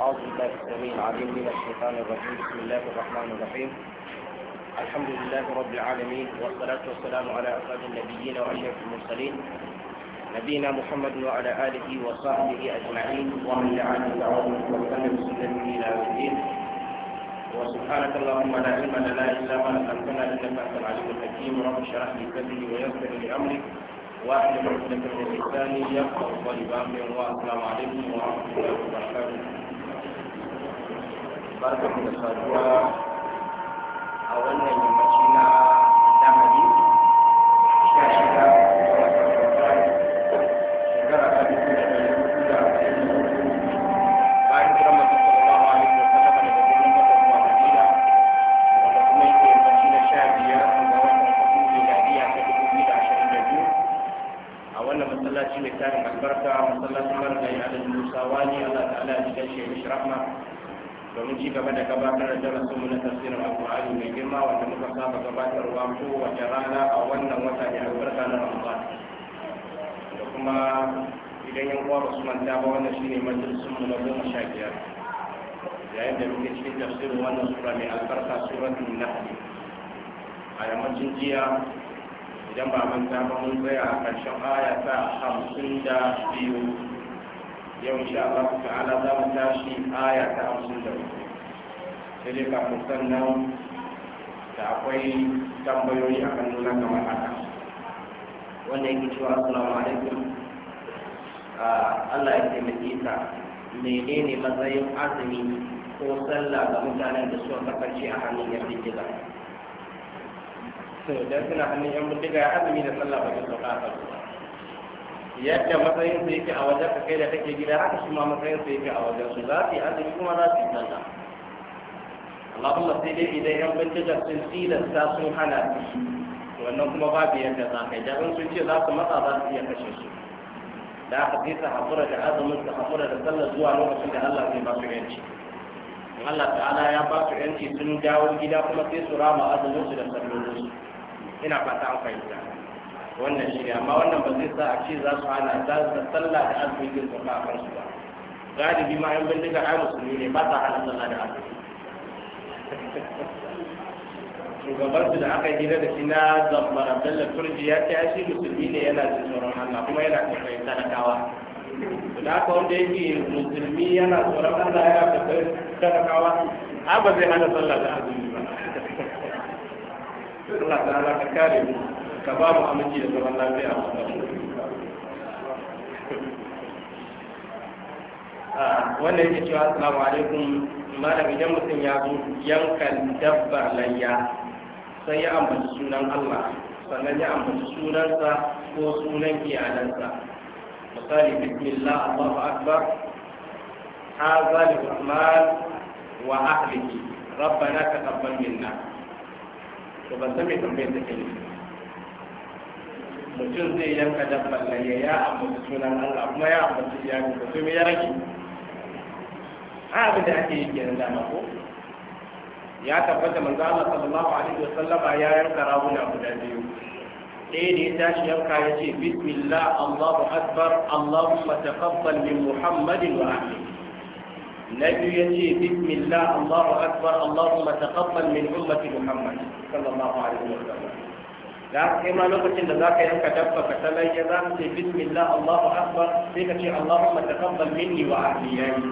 أعوذ بالله السميع العليم من الشيطان الرجيم بسم الله الرحمن الرحيم الحمد لله رب العالمين والصلاة والسلام على أسعد النبيين وأشرف المرسلين نبينا محمد وعلى آله وصحبه أجمعين ومن دعا دعوه وسلم بسنته إلى يوم الدين وسبحانك اللهم لا علم لنا إلا ما علمتنا إنك أنت العليم الحكيم رب اشرح لي صدري ويسر لي أمري واحد من من يقرا طالبان من الله والسلام عليكم ورحمة الله وبركاته barka da saduwa a wannan yammaci na domin ci gaba da gabatar da darasinmu na tafsirin alkur'ani mai girma wanda muka saba gabatarwa kowace rana a wannan wata ne albarka na ramadan da kuma idan yan uwa ba su manta ba wannan shine majalisunmu na goma sha biyar yayin da muke cikin tafsirin wannan sura mai albarka suratul nahl a yammacin jiya idan ba manta ba mun tsaya a ƙarshen aya ta hamsin da biyu yau insha Allah ta'ala za mu tashi aya ta hamsin da sai dai kafin sannan da akwai tambayoyi a kan nuna kamar haka wanda yake cewa assalamu alaikum Allah ya taimake ka menene matsayin azumi ko sallah ga mutanen da suka kafarci a hannun yan bindiga to idan suna hannun yan bindiga azumi da sallah ba ta sauka a yadda matsayin su yake a wajen kai da kake gida haka shi ma matsayin su yake a wajen su za su yi azumi kuma za su yi sallah Allahumma sai dai idan yan bincika sun tilasta sun hana su wannan kuma babu yadda za ka yi da sun ce za su matsa za su iya kashe su da aka fi su hakura da azumin su hakura da sallah zuwa lokacin da Allah zai ba su yanci Allah ta'ala ya ba su yanci sun dawo gida kuma sai su rama azumin su da sallolin su ina fata an fahimta wannan shi ne amma wannan ba zai sa a ce za su hana za su sallah da azumin din su ba kan su ba galibi ma yan bindiga ai musulmi ne ba sa hana sallah da azumi shugaban su da aka gina da shi na zambara bella turji ya ce shi musulmi ne yana jin tsoron Allah kuma yana ta talakawa da haka wanda yake musulmi yana tsoron Allah yana kokarin talakawa a ba zai hana sallah da azumi ba Allah ta ka kare mu ka ba mu aminci da zaman lafiya a ah, wannan yake cewa assalamu alaikum malam idan mutum ya zo yanka dabbar layya sai ya ambaci sunan Allah sannan ya ambaci sunansa ko sunan iyalansa misali bismillah Allahu akbar hadha li rahman wa ahlihi rabbana taqabbal minna to ban san me tambayar take ne mutum zai yanka dabbar layya ya ambaci sunan Allah kuma ya ambaci iyalin ka to me ya rage abin da ake yi kenan dama ko ya tabbata manzo Allah sallallahu alaihi wasallama ya yanka rawuna guda biyu ɗaya da ya tashi yanka ya ce bismillah Allahu akbar Allahumma taqabbal min Muhammadin wa ahlihi na biyu ya ce bismillah Allahu akbar Allahumma taqabbal min ummati Muhammad sallallahu alaihi wasallam da kai ma lokacin da zaka yanka dabba ka ta layya za ka ce bismillah Allahu akbar sai ka ce Allahumma taqabbal minni wa ahliyani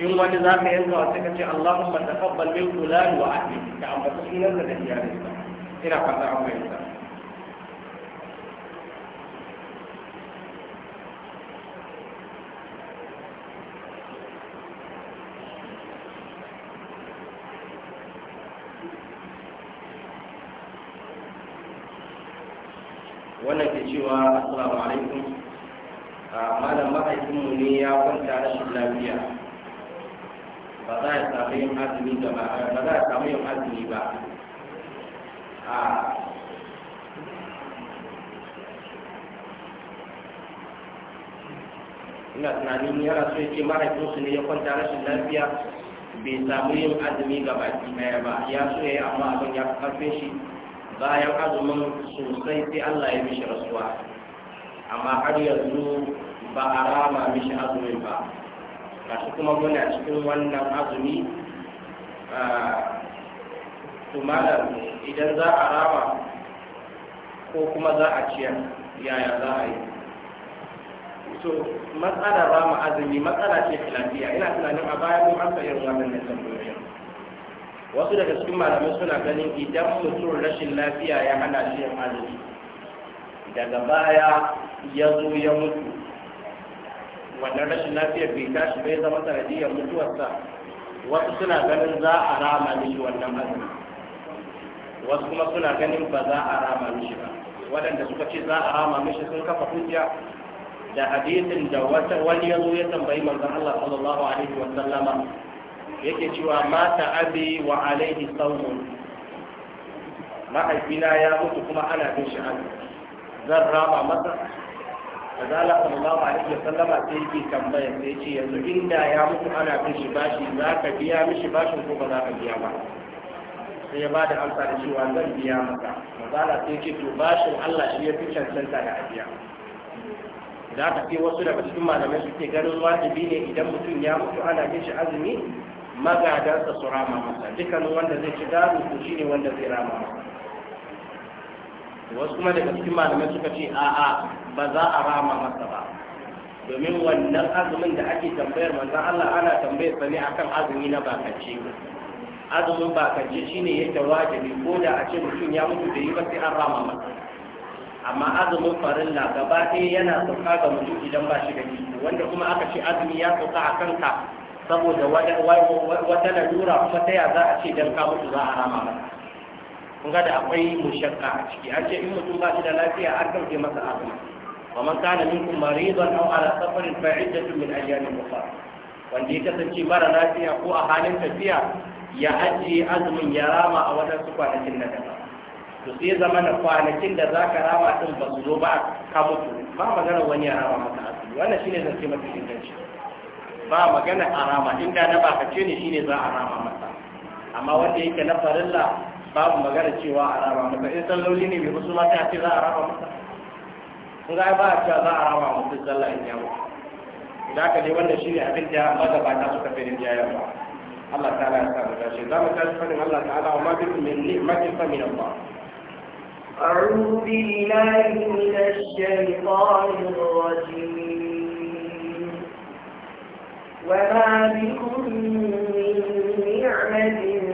in wani za ka yanka wa sai ka ce Allahumma taqabbal min fulan wa ahli ka ambata sunan da iyalinsa ina fata an fahimta ne ya kwanta rashin lafiya ba za a samu yin azumi da ba za a samu yin azumi ba a ina tunanin yana so ya ce mahaifinsu ne ya kwanta rashin lafiya bai samu yin azumi ga baki daya ba ya so ya yi amma abin ya karfe shi bayan azumin sosai sai Allah ya mishi rasuwa amma har yanzu ba a rama mishi azumin ba kashi kuma muna cikin wannan azumi tumalar idan za a rama ko kuma za a ciyar yaya za a yi so matsalar rama azumi matsala ce filafiya ina tunanin a baya mun amsa yin wannan tambayoyin wasu daga cikin malamai suna ganin idan mutum rashin lafiya ya hana shi yin azumi daga baya ya zo ya mutu wannan rashin lafiyar bai tashi bai zama sanadiyar mutuwarsa wasu suna ganin za a rama mishi wannan azumi wasu kuma suna ganin ba za a rama mishi ba waɗanda suka ce za a rama mishi sun kafa hujja da hadisin da wani ya zo ya tambayi manzon Allah sallallahu alaihi wa sallama yake cewa "Ma ta'abi wa alaihi sawmun mahaifina ya mutu kuma ana bin shi azumi zan rama masa manzala sallallahu alaihi wa sallama sai yake tambaya sai yace yanzu inda ya mutu ana bin shi bashi za ka biya mishi bashin ko ba za ka biya ba sai ya bada amsa da cewa zan biya maka manzala sai yace to bashin Allah shi ya fi cancanta da abiya za ka fi wasu daga cikin malamai suke ganin wajibi ne idan mutum ya mutu ana kan shi azumi magadansa su rama masa dukkanin wanda zai ci gado to shine wanda zai rama masa wasu kuma daga cikin malamai suka ce a'a ba za a rama masa ba domin wannan azumin da ake tambayar manzan Allah ana tambayar sa ne akan azumi na bakance azumin bakance shine yake wajibi ko da a ce mutum ya mutu da yi ba sai an rama masa amma azumin farilla gaba ɗaya yana sauka ga mutum idan ba shi da wanda kuma aka ce azumi ya sauka a kanka saboda wata lalura kuma ta ya za a ce dan ka mutu za a rama masa kun ga da akwai mushakka a ciki an ce in mutum ba shi da lafiya kan ke masa azumi wa man kana minkum maridan aw ala safarin fa iddatun min ajali ukhra wanda ya kasance mara lafiya ko a halin tafiya ya ajiye azumin ya rama a wadansu kwanakin na daban to sai zama na kwanakin da zaka rama din ba su zo ba ka mutu ba magana wani ya rama maka azumi wannan shine zance mafi inganci ba magana a rama inda na ce ne shine za a rama masa amma wanda yake na farilla babu magana cewa a raba masa in salloli ne bai musu mata ce za a raba masa in ga ba a cewa za a raba musu zalla in yawo Idan haka dai wannan ne abin da magabata suka fi rinja ba Allah ta'ala ya ta shi. za mu tashi fadin Allah ta'ala amma ma bikum ne mafi fa na ba. أعوذ بالله من الشيطان الرجيم وما بكم من نعمة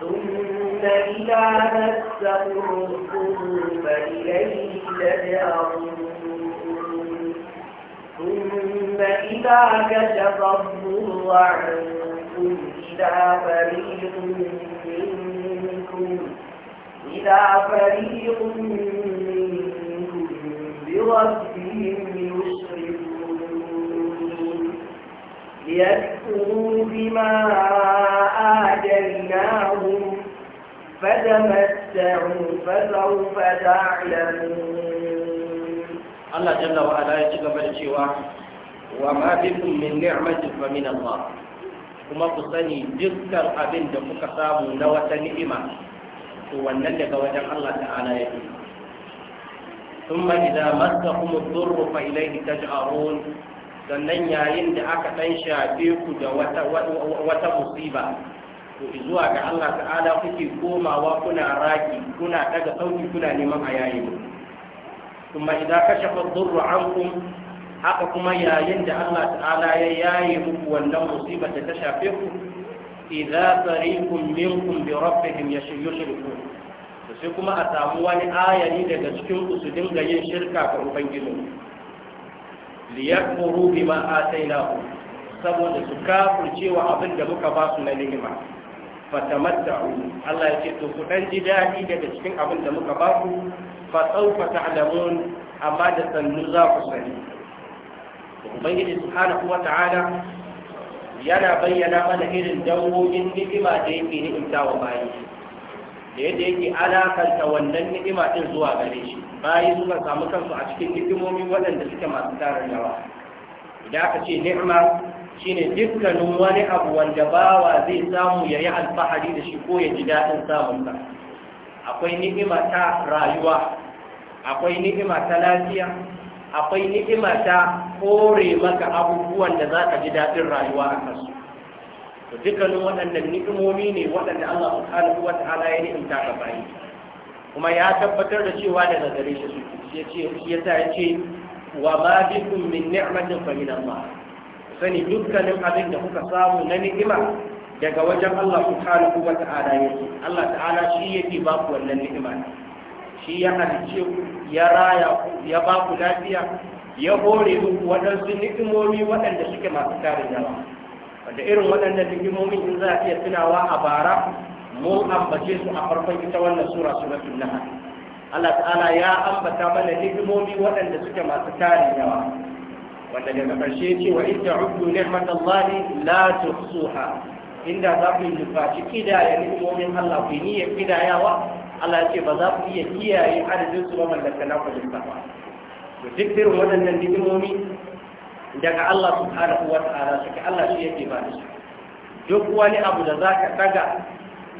ثم إذا مسكم الضر فإليه تجأرون ثم إذا كشف الضر إذا فريق منكم إذا فريق منكم بربهم يشركون ليكفروا بما آتيناهم فتمتعوا فسوف تعلمون الله جل وعلا يجب أن يشوى وما بكم من نعمة فمن الله kuma ku sani dukkan abin da kuka samu na wata ni'ima to wannan daga wajen Allah ta'ala ya ثم إذا مسكم الضر فإليه تجأرون sannan yayin da aka ɗan shafe ku da wata musiba to zuwa ga Allah ta'ala kuke komawa kuna raki kuna daga sauki kuna neman a yayi kuma idan shafa dhurru ankum haka kuma yayin da Allah ta'ala ya yaye muku wannan musibar da ta shafe ku idza tariqum minkum bi rabbihim yushrikun to sai kuma a samu wani ayari daga cikin ku su yin shirka ga ubangijinsu liyakmuru bima atainahu saboda su kafurce wa abin da muka ba su na ni'ima fatamatta'u Allah ya ce to ku dan ji dadi daga cikin abin da muka ba ku fa sawfa ta'lamun amma da sannu za ku sani ubangiji subhanahu wa ta'ala yana bayyana mana irin dawo dangogin ni'ima da yake ni'imta wa bayi da yadda yake alakanta wannan ni'ima din zuwa gare shi bayi suka samu kansu a cikin ni'imomi waɗanda suke masu tarin yawa idan aka ce ni'ima shine dukkanin wani abu wanda bawa zai samu ya yi alfahari da shi ko ya ji daɗin samun ba. akwai ni'ima ta rayuwa akwai ni'ima ta lafiya akwai ni'ima ta kore maka abubuwan da za ka ji daɗin rayuwa a kansu to dukkanin waɗannan ni'imomi ne waɗanda Allah subhanahu wata'ala ya ni'imta ga bayi kuma ya tabbatar da cewa da gare shi ya ce ya sa ce wa ma bikum min ni'matin fa min Allah sani dukkanin abin da kuka samu na ni'ima daga wajen Allah subhanahu wata'ala yake Allah ta'ala shi yake ba ku wannan ni'ima shi ya halice ku ya raya ku ya ba ku lafiya ya hore duk waɗansu ni'imomi waɗanda suke masu tarin yawa wanda irin waɗannan rigimomin in za a iya tunawa a bara mu ambace su a farkon ita wannan sura suratul nahl Allah ta'ala ya ambata mana rigimomi waɗanda suke masu tarin yawa wanda daga ƙarshe ce wa idda uddu ni'matallahi la tuhsuha inda za ku yi nufaci kidaya ni'imomin Allah ku yi niyyar kidayawa Allah ya ce ba za ku iya kiyaye adadin su ba mallaka na ku duk irin waɗannan ni'imomi daga Allah subhanahu wa ta'ala suke Allah shi yake ba shi duk wani abu da zaka daga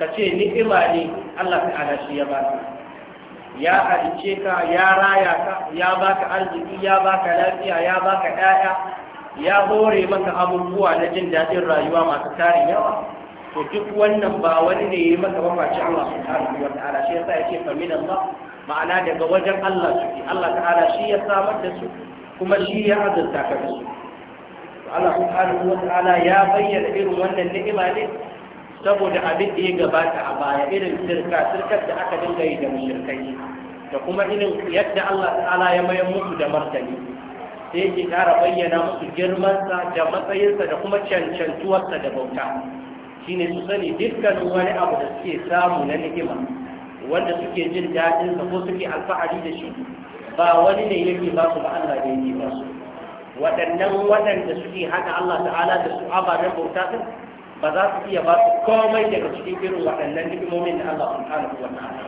ka ce ni'ima ne Allah ala shi ya ba shi, ya halice ka ya raya ka ya baka arziki ya baka lafiya ya baka ɗaya ya hore maka abubuwa na jin daɗin rayuwa masu tarin yawa to duk wannan ba wani ne ya maka mafaci Allah subhanahu wa ta'ala shi yasa yake fa min Allah ma'ana daga wajen Allah suke Allah ta'ala shi ya samar da su kuma shi ya azurta ka da su Allah subhanahu wa ta'ala ya bayyana irin wannan ni'ima ne saboda abin da ya gabata a baya irin sirka sirkar da aka dinga yi da mushrikai da kuma irin yadda Allah ta'ala ya mayar musu da martani sai yake ƙara bayyana musu girmansa da matsayinsa da kuma cancantuwarsa da bauta shine su sani dukkanin wani abu da suke samu na ni'ima wanda suke jin daɗinsa ko suke alfahari da shi ba wani ne yake ba su ba Allah ya yake ba su waɗannan waɗanda suke hana Allah ta'ala da su ababen bauta din ba za su iya ba su komai daga cikin irin waɗannan ni'imomin da Allah subhanahu wa ta'ala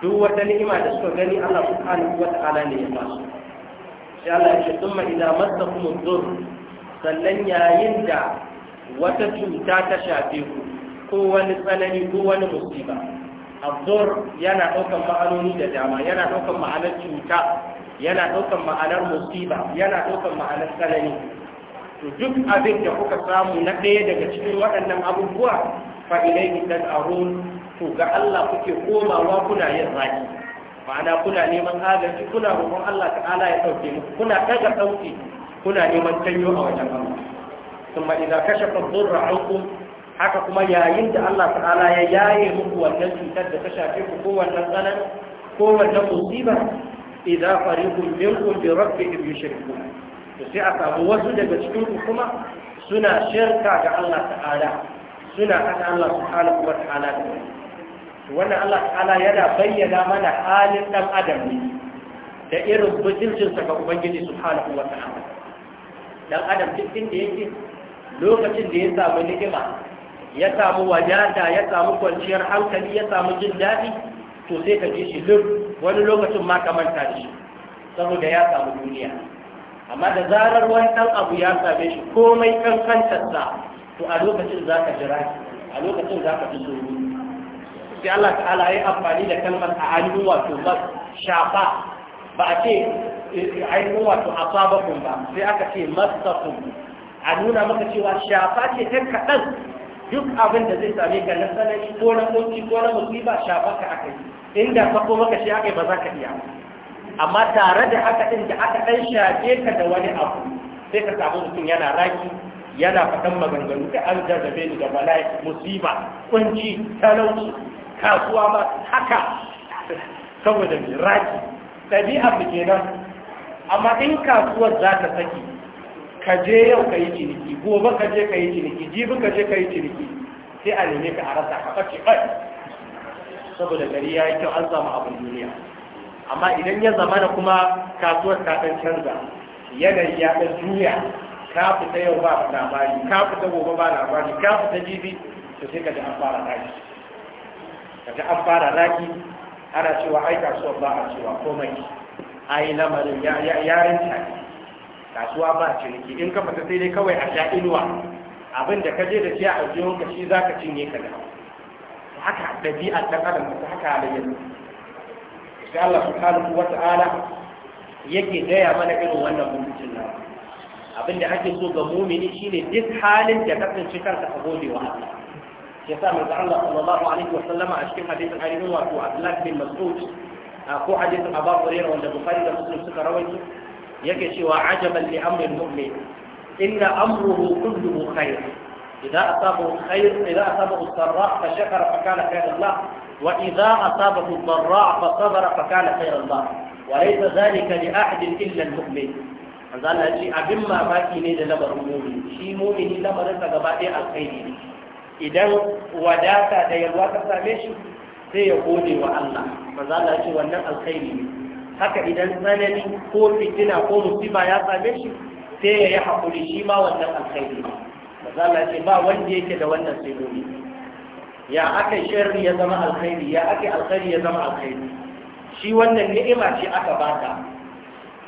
duk wata ni'ima da suka gani Allah subhanahu wa ta'ala ne ya ba su sai Allah ya ce thumma idza massakum dhurr sallan yayin da wata cuta ta shafe ku ko wani tsanani ko wani musiba abdur yana ɗaukan ma'anoni da dama yana ɗaukan ma'anar cuta yana ɗaukan ma'anar musiba yana ɗaukar ma'anar tsanani to duk abin da kuka samu na ɗaya daga cikin waɗannan abubuwa fa a tad'un to ga Allah kuke komawa kuna yin zaki ma'ana kuna neman agaji kuna roƙon Allah ta'ala ya ɗauke muku kuna ɗaga sauti? kuna neman canyo a wajen Allah ثم إذا كشف الضر عنكم haka kuma yayin da Allah ta'ala ya yaye muku wannan cutar da ta shafe ku kowannan tsanan kowannan musiba idza fariqun minkum bi rabbihim yushrikun to sai a samu wasu daga cikin ku kuma suna shirka ga Allah ta'ala suna hada Allah subhanahu wa ta'ala da wannan Allah ta'ala yana bayyana mana halin dan adam ne da irin bujilcinsa ga Ubangiji subhanahu wa ta'ala dan adam duk inda yake lokacin da ya samu ni'ima ya samu wadata ya samu kwanciyar hankali ya samu jin daɗi to sai ka ji shi duk wani lokacin ma ka manta shi saboda ya samu duniya amma da zarar wani ɗan abu ya same shi komai kankantarsa to a lokacin za ka jira a lokacin za ka fi tsoro sai Allah ta'ala ya amfani da kalmar a hannu wato ba shafa ba a ce eh, eh, ainihin wato a sabakun ba sai aka ce masakun a nuna maka cewa shafa ce ta kaɗan duk abin da zai same ka na tsanani ko na kunci ko na musiba shafaka aka yi inda ka ko maka shi aka yi ba za ka iya amma tare da haka ɗin da aka ɗan shafe ka da wani abu sai ka samu mutum yana raki yana faɗan maganganu da an jarrabe ni da bala'i musiba kunci talauci kasuwa ba haka saboda mai raki ɗabi'a mu kenan amma in kasuwar za ta saki Kaje yau ka yi ciniki gobe ka je ka yi ciniki jibin ka je ka yi ciniki sai a neme ka a rasa ka kace ɓai saboda gari ya yi kyau an samu abin duniya amma idan ya zama na kuma kasuwar ta dan canza yanayi ya ɗan duniya ka fita yau ba labari ka fita gobe ba labari ka fita jibi to sai ka ji an fara raki ka ji an fara raki ana cewa ai kasuwar ba a cewa komai ai lamarin ya rinta kasuwa ba ciniki in ka fita sai dai kawai a sha inuwa abin da ka je da shi a aljihunka shi za ka cinye ka da haka ɗabi'a ta adam ta haka halayyar sai Allah kalu wa ta'ala yake gaya mana irin wannan mutuncin nan abin da ake so ga mumini shine duk halin da kasance kanka a gode wa Allah ya sa manzo Allah sallallahu alaihi wa sallama a cikin hadisin ainihin wato Abdullah bin Mas'ud ko hadisin Abu Hurairah wanda Bukhari da Muslim suka rawaito yake cewa ajaban li amrin mu'min inna amruhu kulluhu khair idza asabahu khair idza asabahu sarra fa shakara fa kana khairan lahu wa idza asabahu dharra fa sabara fa kana khairan lahu wa laysa dhalika li ahadin illa al-mu'min manzo Allah abin mamaki ne da lamarin mu'min shi mu'mini lamarin sa gaba ɗaya alkhairi ne idan wadata da yalwa ta same shi sai ya gode wa Allah manzo Allah ce wannan alkhairi ne haka idan tsanani ko fitina ko musiba ya same shi sai ya yi haƙuri shi ma wannan alkhairi mazala ce ba wanda yake da wannan sigobi ya aka sharri ya zama alkhairi ya aka alkhairi ya zama alkhairi shi wannan ni'ima ce aka baka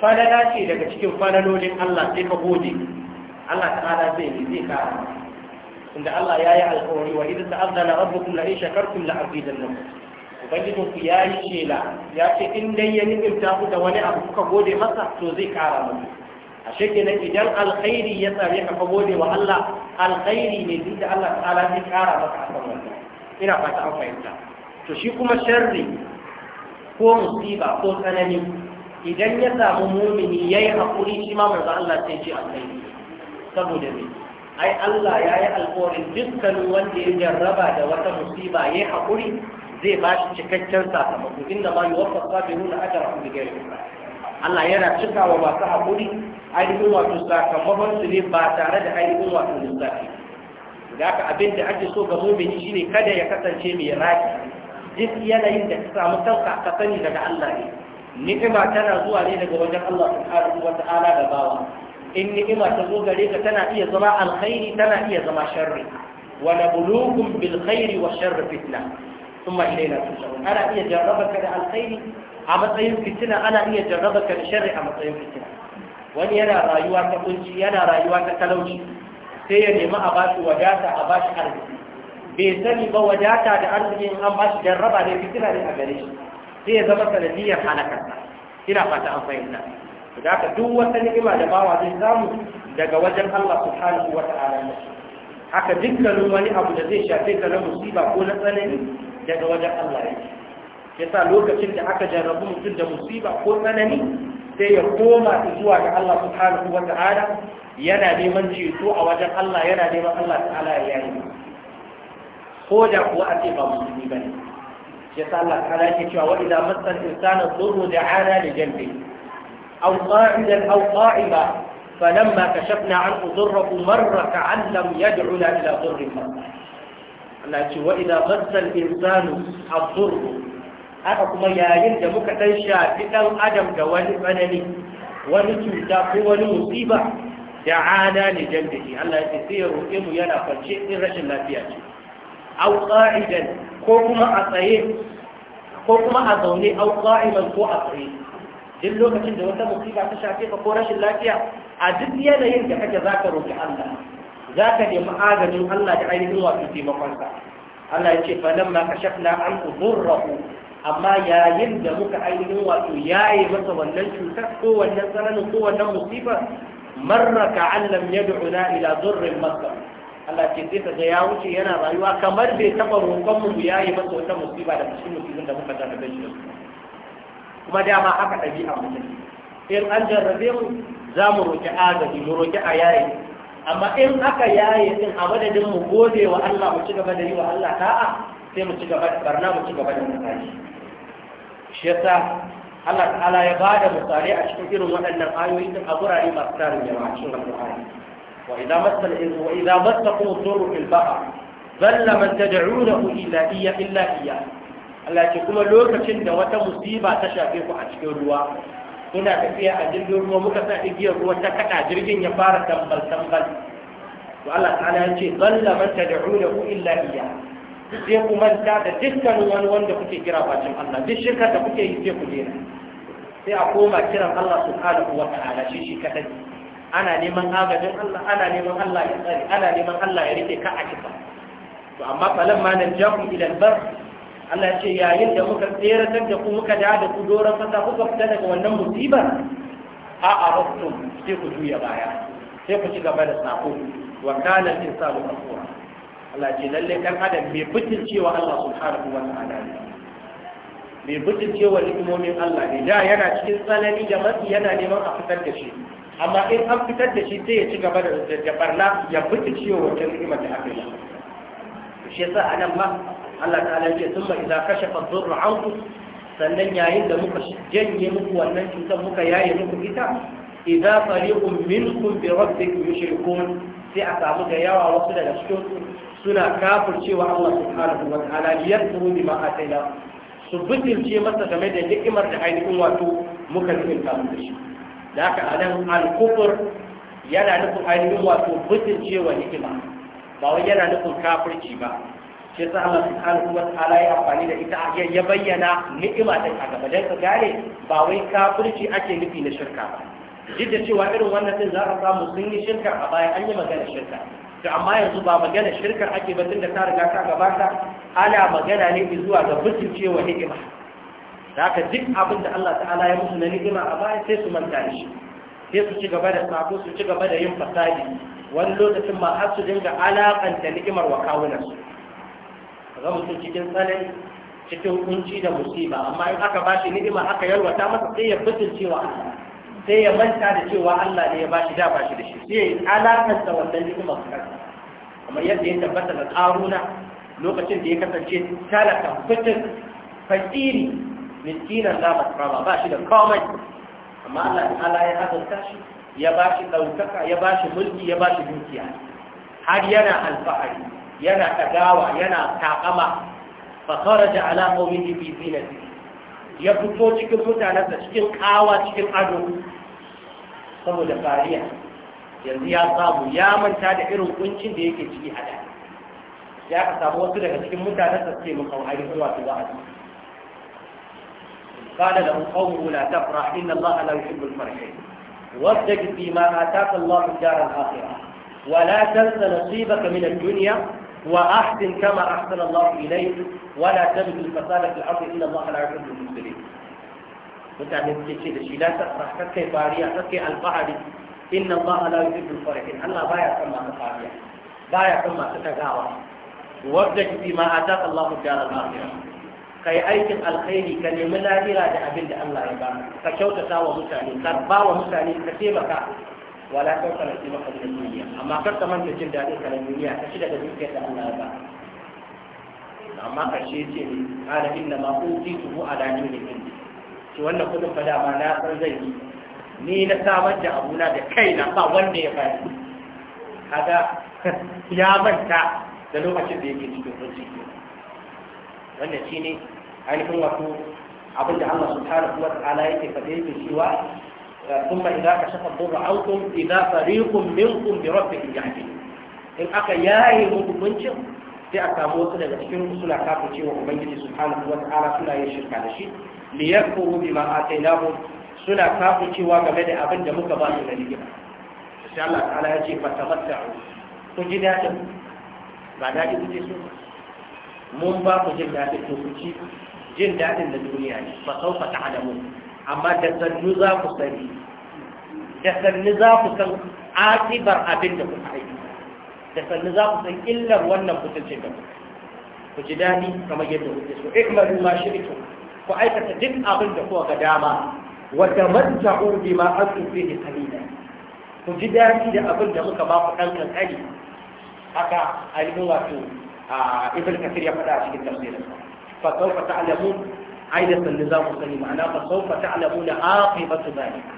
Fadada ce daga cikin falalolin Allah sai ka gode Allah ta'ala zai yi zai kara inda Allah ya yi alkawari wa idan ta'azzana rabbukum la in shakartum la azidannakum ubangijin ku ya yi shela ya ce in dai ya niminta ku da wani abu kuka gode masa to zai kara muku a shekenan idan alkhairi ya tsare ka gode wa Allah alkhairi ne duk da Allah ta'ala zai kara maka akan wannan ina fata an fahimta to shi kuma sharri ko musiba ko tsanani idan ya samu mumini yayi hakuri shi ma manzo Allah sai ce alkhairi saboda me ai Allah ya yi alƙawarin dukkanin wanda ya jarraba da wata musiba ya haƙuri zai ba shi cikakken sakamako inda ma yuwaffa sabirun ajrahum bighairi gari. Allah yana cika wa masu haƙuri ainihin wato sakamakon su ne ba tare da ainihin wato lissafi da haka abin da ake so ga shi ne kada ya kasance mai raki duk yanayin da ka samu kanka ka sani daga Allah ne ni'ima tana zuwa ne daga wajen Allah subhanahu wa ta'ala da bawa in ni'ima ta zo gare ka tana iya zama alkhairi tana iya zama sharri wa nabluukum bil khairi wa sharri fitna ثم إلينا iya أنا da جربك a matsayin طيب Ana iya إيه da لشر a طيب كتنا wani yana rayuwa ta kunci yana rayuwa ta talauci sai ya nemi a bashi wadata a bashi arziki bai sani ba wadata da arzikin an bashi jarraba ne fitina ne a gare shi sai ya zama sanadiyar halakarsa ina fata an fahimta da duk wata ni'ima da bawa zai samu daga wajen Allah subhanahu wa ta'ala haka dukkanin wani abu da zai shafe ka na musiba ko na tsanani daga wajen Allah yake yasa lokacin da aka jarabu mutum da musiba ko tsanani sai ya koma zuwa ga Allah subhanahu wa ta'ala yana neman ceto a wajen Allah yana neman Allah ta'ala ya yi ko da kuwa a ce ba musulmi ba ne yasa Allah ta'ala yake cewa wa idza massal insana dhurru da'ana li janbihi aw qa'idan aw qa'ima فلما كشفنا عنه ضره مر كأن لم يدعنا إلى ضر مر Allah ce wa idza fassal insanu abdur haka kuma yayin da muka ɗan shafi dan adam da wani tsanani wani cuta ko wani musiba da ana ne jambihi Allah ya ce sai ya roƙe mu yana kwance in rashin lafiya ce au qa'idan ko kuma a tsaye ko kuma a zaune au qa'iman ko a tsaye duk lokacin da wata musiba ta shafe ka ko rashin lafiya a duk yanayin da kake ka roƙi Allah za ka nemi agajin Allah da ainihin wato taimakonsa Allah ya ce nan ma kashafna an udurrahu amma yayin da muka ainihin wato yaye masa wannan cutar ko wannan tsananin ko wannan musibar marraka an lam yad'una ila durrin masa Allah ce zai kaga ya wuce yana rayuwa kamar bai taɓa roƙon mu ya yi masa wata musiba da cikin musibin da muka jarrabe shi kuma dama haka ɗabi'a mutum in an jarrabe mu za mu roƙi agaji mu roƙi a yayi amma in aka yaye din a madadin mu gode wa Allah mu ci gaba da yi wa Allah ta'a sai mu ci gaba da barna mu ci gaba da mutane shi yasa Allah ta'ala ya bada misali a cikin irin waɗannan ayoyi din a gurare masu tarin jama'a cikin Al-Qur'ani wa idza masal wa idza masakum dhurru fil bahr zalla man tad'unahu illa iyya illa iyya Allah ce kuma lokacin da wata musiba ta shafe ku a cikin ruwa muna tafiya a jirgin ruwa muka sa igiyar ruwa ta kada jirgin ya fara tambal tambal to Allah ta'ala ya ce dalla man tad'unahu illa iya sai ku manta da dukkan wani wanda kuke kira bacin Allah duk shirka da kuke yi sai ku dena sai a koma kiran Allah subhanahu wa ta'ala shi shi kadai ana neman agajin Allah ana neman Allah ya tsare ana neman Allah ya rike ka a kifa to amma falamma nan jahu ila al-bar Allah ce yayin da muka tseratar da ku muka da da ku doron fasa kuka fita daga wannan musibar a arabtum sai ku juya baya sai ku ci gaba da sako wa kana sa sabu kafura Allah ce lalle kan adam mai bitin cewa Allah subhanahu wa ta'ala ne mai bitin cewa ni'imomin Allah ne da yana cikin tsanani da matsi yana neman a fitar da shi amma in an fitar da shi sai ya ci gaba da barna ya bitin cewa wancan ni'imar da aka yi shi yasa anan ma Allah ta'ala ce sun mai idan kashe fasur ra'anku sannan yayin da muka janye muku wannan cutar muka yaye muku ita idan fariqun minkum bi rabbikum yushrikun sai a samu da yawa wasu daga cikin suna kafircewa Allah subhanahu wa ta'ala liyakfuru bima ataina su bincike masa game da ni'imar da ainihin wato muka nufin mu da shi da haka anan al-kufr yana nufin ainihin wato bincike wa ni'ima ba wai yana nufin kafirci ba shi sa Allah subhanahu wa ta'ala ya amfani da ita a ya bayyana ni'ima ta a gaba dan ka gane ba wai kafirci ake nufi na shirka ba duk da cewa irin wannan din za a samu sun yi shirka a baya an yi magana shirka to amma yanzu ba magana shirka ake ba tun da ta riga ta gabata ana magana ne zuwa ga butulcewa ni'ima da haka duk abin da Allah ta'ala ya musu na ni'ima a baya sai su manta shi sai su ci gaba da sako su ci gaba da yin fasadi wani lokacin ma har su dinga alaƙanta ni'imar wa kawunansu ga mutum cikin tsanani cikin kunci da musiba amma in aka ba shi ni'ima aka yalwata masa sai ya fitin cewa sai ya manta da cewa Allah ne ya bashi da bashi da shi sai ya alakanta wannan niima su kansa kamar yadda ya tabbata da ƙaruna lokacin da ya kasance talaka fitin fakiri miskinan la masrama ba shi da komai amma Allah ala ya azurta shi ya bashi ɗaukaka ya bashi mulki ya bashi dukiya har yana alfahari yana tagawa yana takama fa da ala qawmihi fi zinati ya fito cikin mutanensa cikin kawa cikin ado saboda fariya yanzu ya samu ya manta da irin kuncin da yake ciki a da ya ka samu wasu daga cikin mutanensa suke mun kan ainihin wato za a ji قال له قومه لا تفرح إن الله لا يحب الفرحين وابتغ فيما آتاك الله الدار الآخرة ولا تنس نصيبك من الدنيا وأحسن كما أحسن الله إليك ولا تبذل الفساد في الأرض إن الله لا يحب المفسدين mutane suke ce da shi na la tasrah kakkai fariya kai alfahari inna a la yuhibbu al-farihin Allah ya son masu fariya ya son masu tagawa wadda kifi ma ataka Allah dar al-akhirah kai aikin alkhairi ka nemi lahira da abin da Allah ya ba ka kyautata wa mutane ka ba wa mutane ka taimaka wala kan kana ci maka da duniya amma kar ka manta jin daɗin ka na duniya ka ci da dukiyar da Allah ba amma karshe ce ne ala inna ma utitu ala dini indi to wannan kudin fa ma na san zai yi ni na samar da abuna da kaina ba wanda ya fara kaga ya manta da lokacin da yake cikin kunci wannan shine ainihin wato abin da Allah subhanahu wa ta'ala yake da shi wa ثم إذا كشف الضر عنكم إذا فريق منكم بربهم يعدلون إن أكا ياي مدمنشم sai a samu wasu daga cikin ku suna kafin cewa ubangiji subhanahu wata'ala suna yin shirka da shi li yakfuru bima atainahu suna kafin game da abin da muka ba su na Allah ta'ala ya ce fatamatta'u ku ji dadin ba dadi kuke so mun ba ku jin dadin to ku ci jin dadin da duniya ne fa sawfa ta'lamu amma da sannu za ku sani da sannu za ku san asibar abin da kuka aiki da sannu za ku san illar wannan mutuncin da kuka ku ji daɗi kamar yadda kuke so ikmalu ma shirku ku aikata duk abin da kuka ga dama wa ma an antum fihi qalila ku ji daɗi da abin da muka ba ku ɗan kankani haka ainihin wato ibn kafir ya faɗa a cikin tafsirinsa fa sawfa ta'lamun ai da sannu za ku sani ma'ana ba sau fa ta sawfa ta'lamuna aqibatu dhalika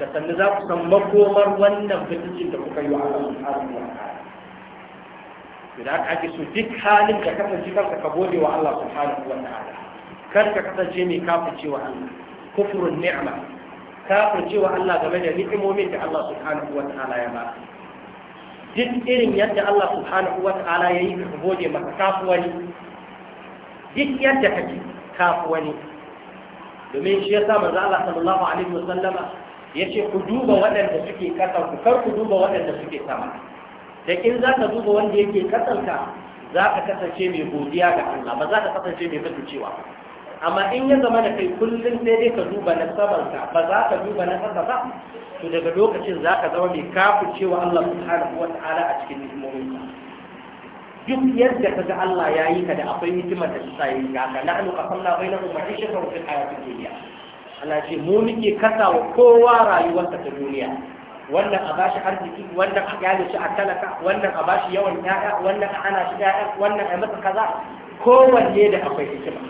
da sannu za ku san makomar wannan fitacin da kuka yi wa Allah subhanahu wa ta'ala idan ake so duk halin da kasance kanka ka gode wa Allah subhanahu wa ta'ala kar ka kasance mai kafirce wa Allah kufrun ni'ma kafirce wa Allah game da ni'imomin da Allah subhanahu wa ta'ala ya ba duk irin yadda Allah subhanahu wa ta'ala ya yi ka gode maka kafuwani duk yadda kake kafu wani domin shi yasa manzo Allah sallallahu alaihi wasallama yace ku duba waɗanda suke kasa ku kar ku duba waɗanda suke sama da in za ka duba wanda yake kasanka za ka kasance mai godiya ga Allah ba za ka kasance mai fitucewa amma in ya zama da kai kullum sai dai ka duba na samanka ba za ka duba na kasa ba to daga lokacin za ka zama mai kafin cewa Allah subhanahu wa ta'ala a cikin nihimominsa duk yadda kaga Allah ya yi ka da akwai hikimar da ta yi ga ka na'anu qasamna bainahum ma'ishatan fil hayatid dunya Allah ce mu muke kasa wa kowa rayuwarsa ta duniya wannan a bashi arziki wannan a gane shi a talaka wannan a bashi yawan yaya wannan a hana shi yaya wannan a masa kaza kowanne da akwai hikima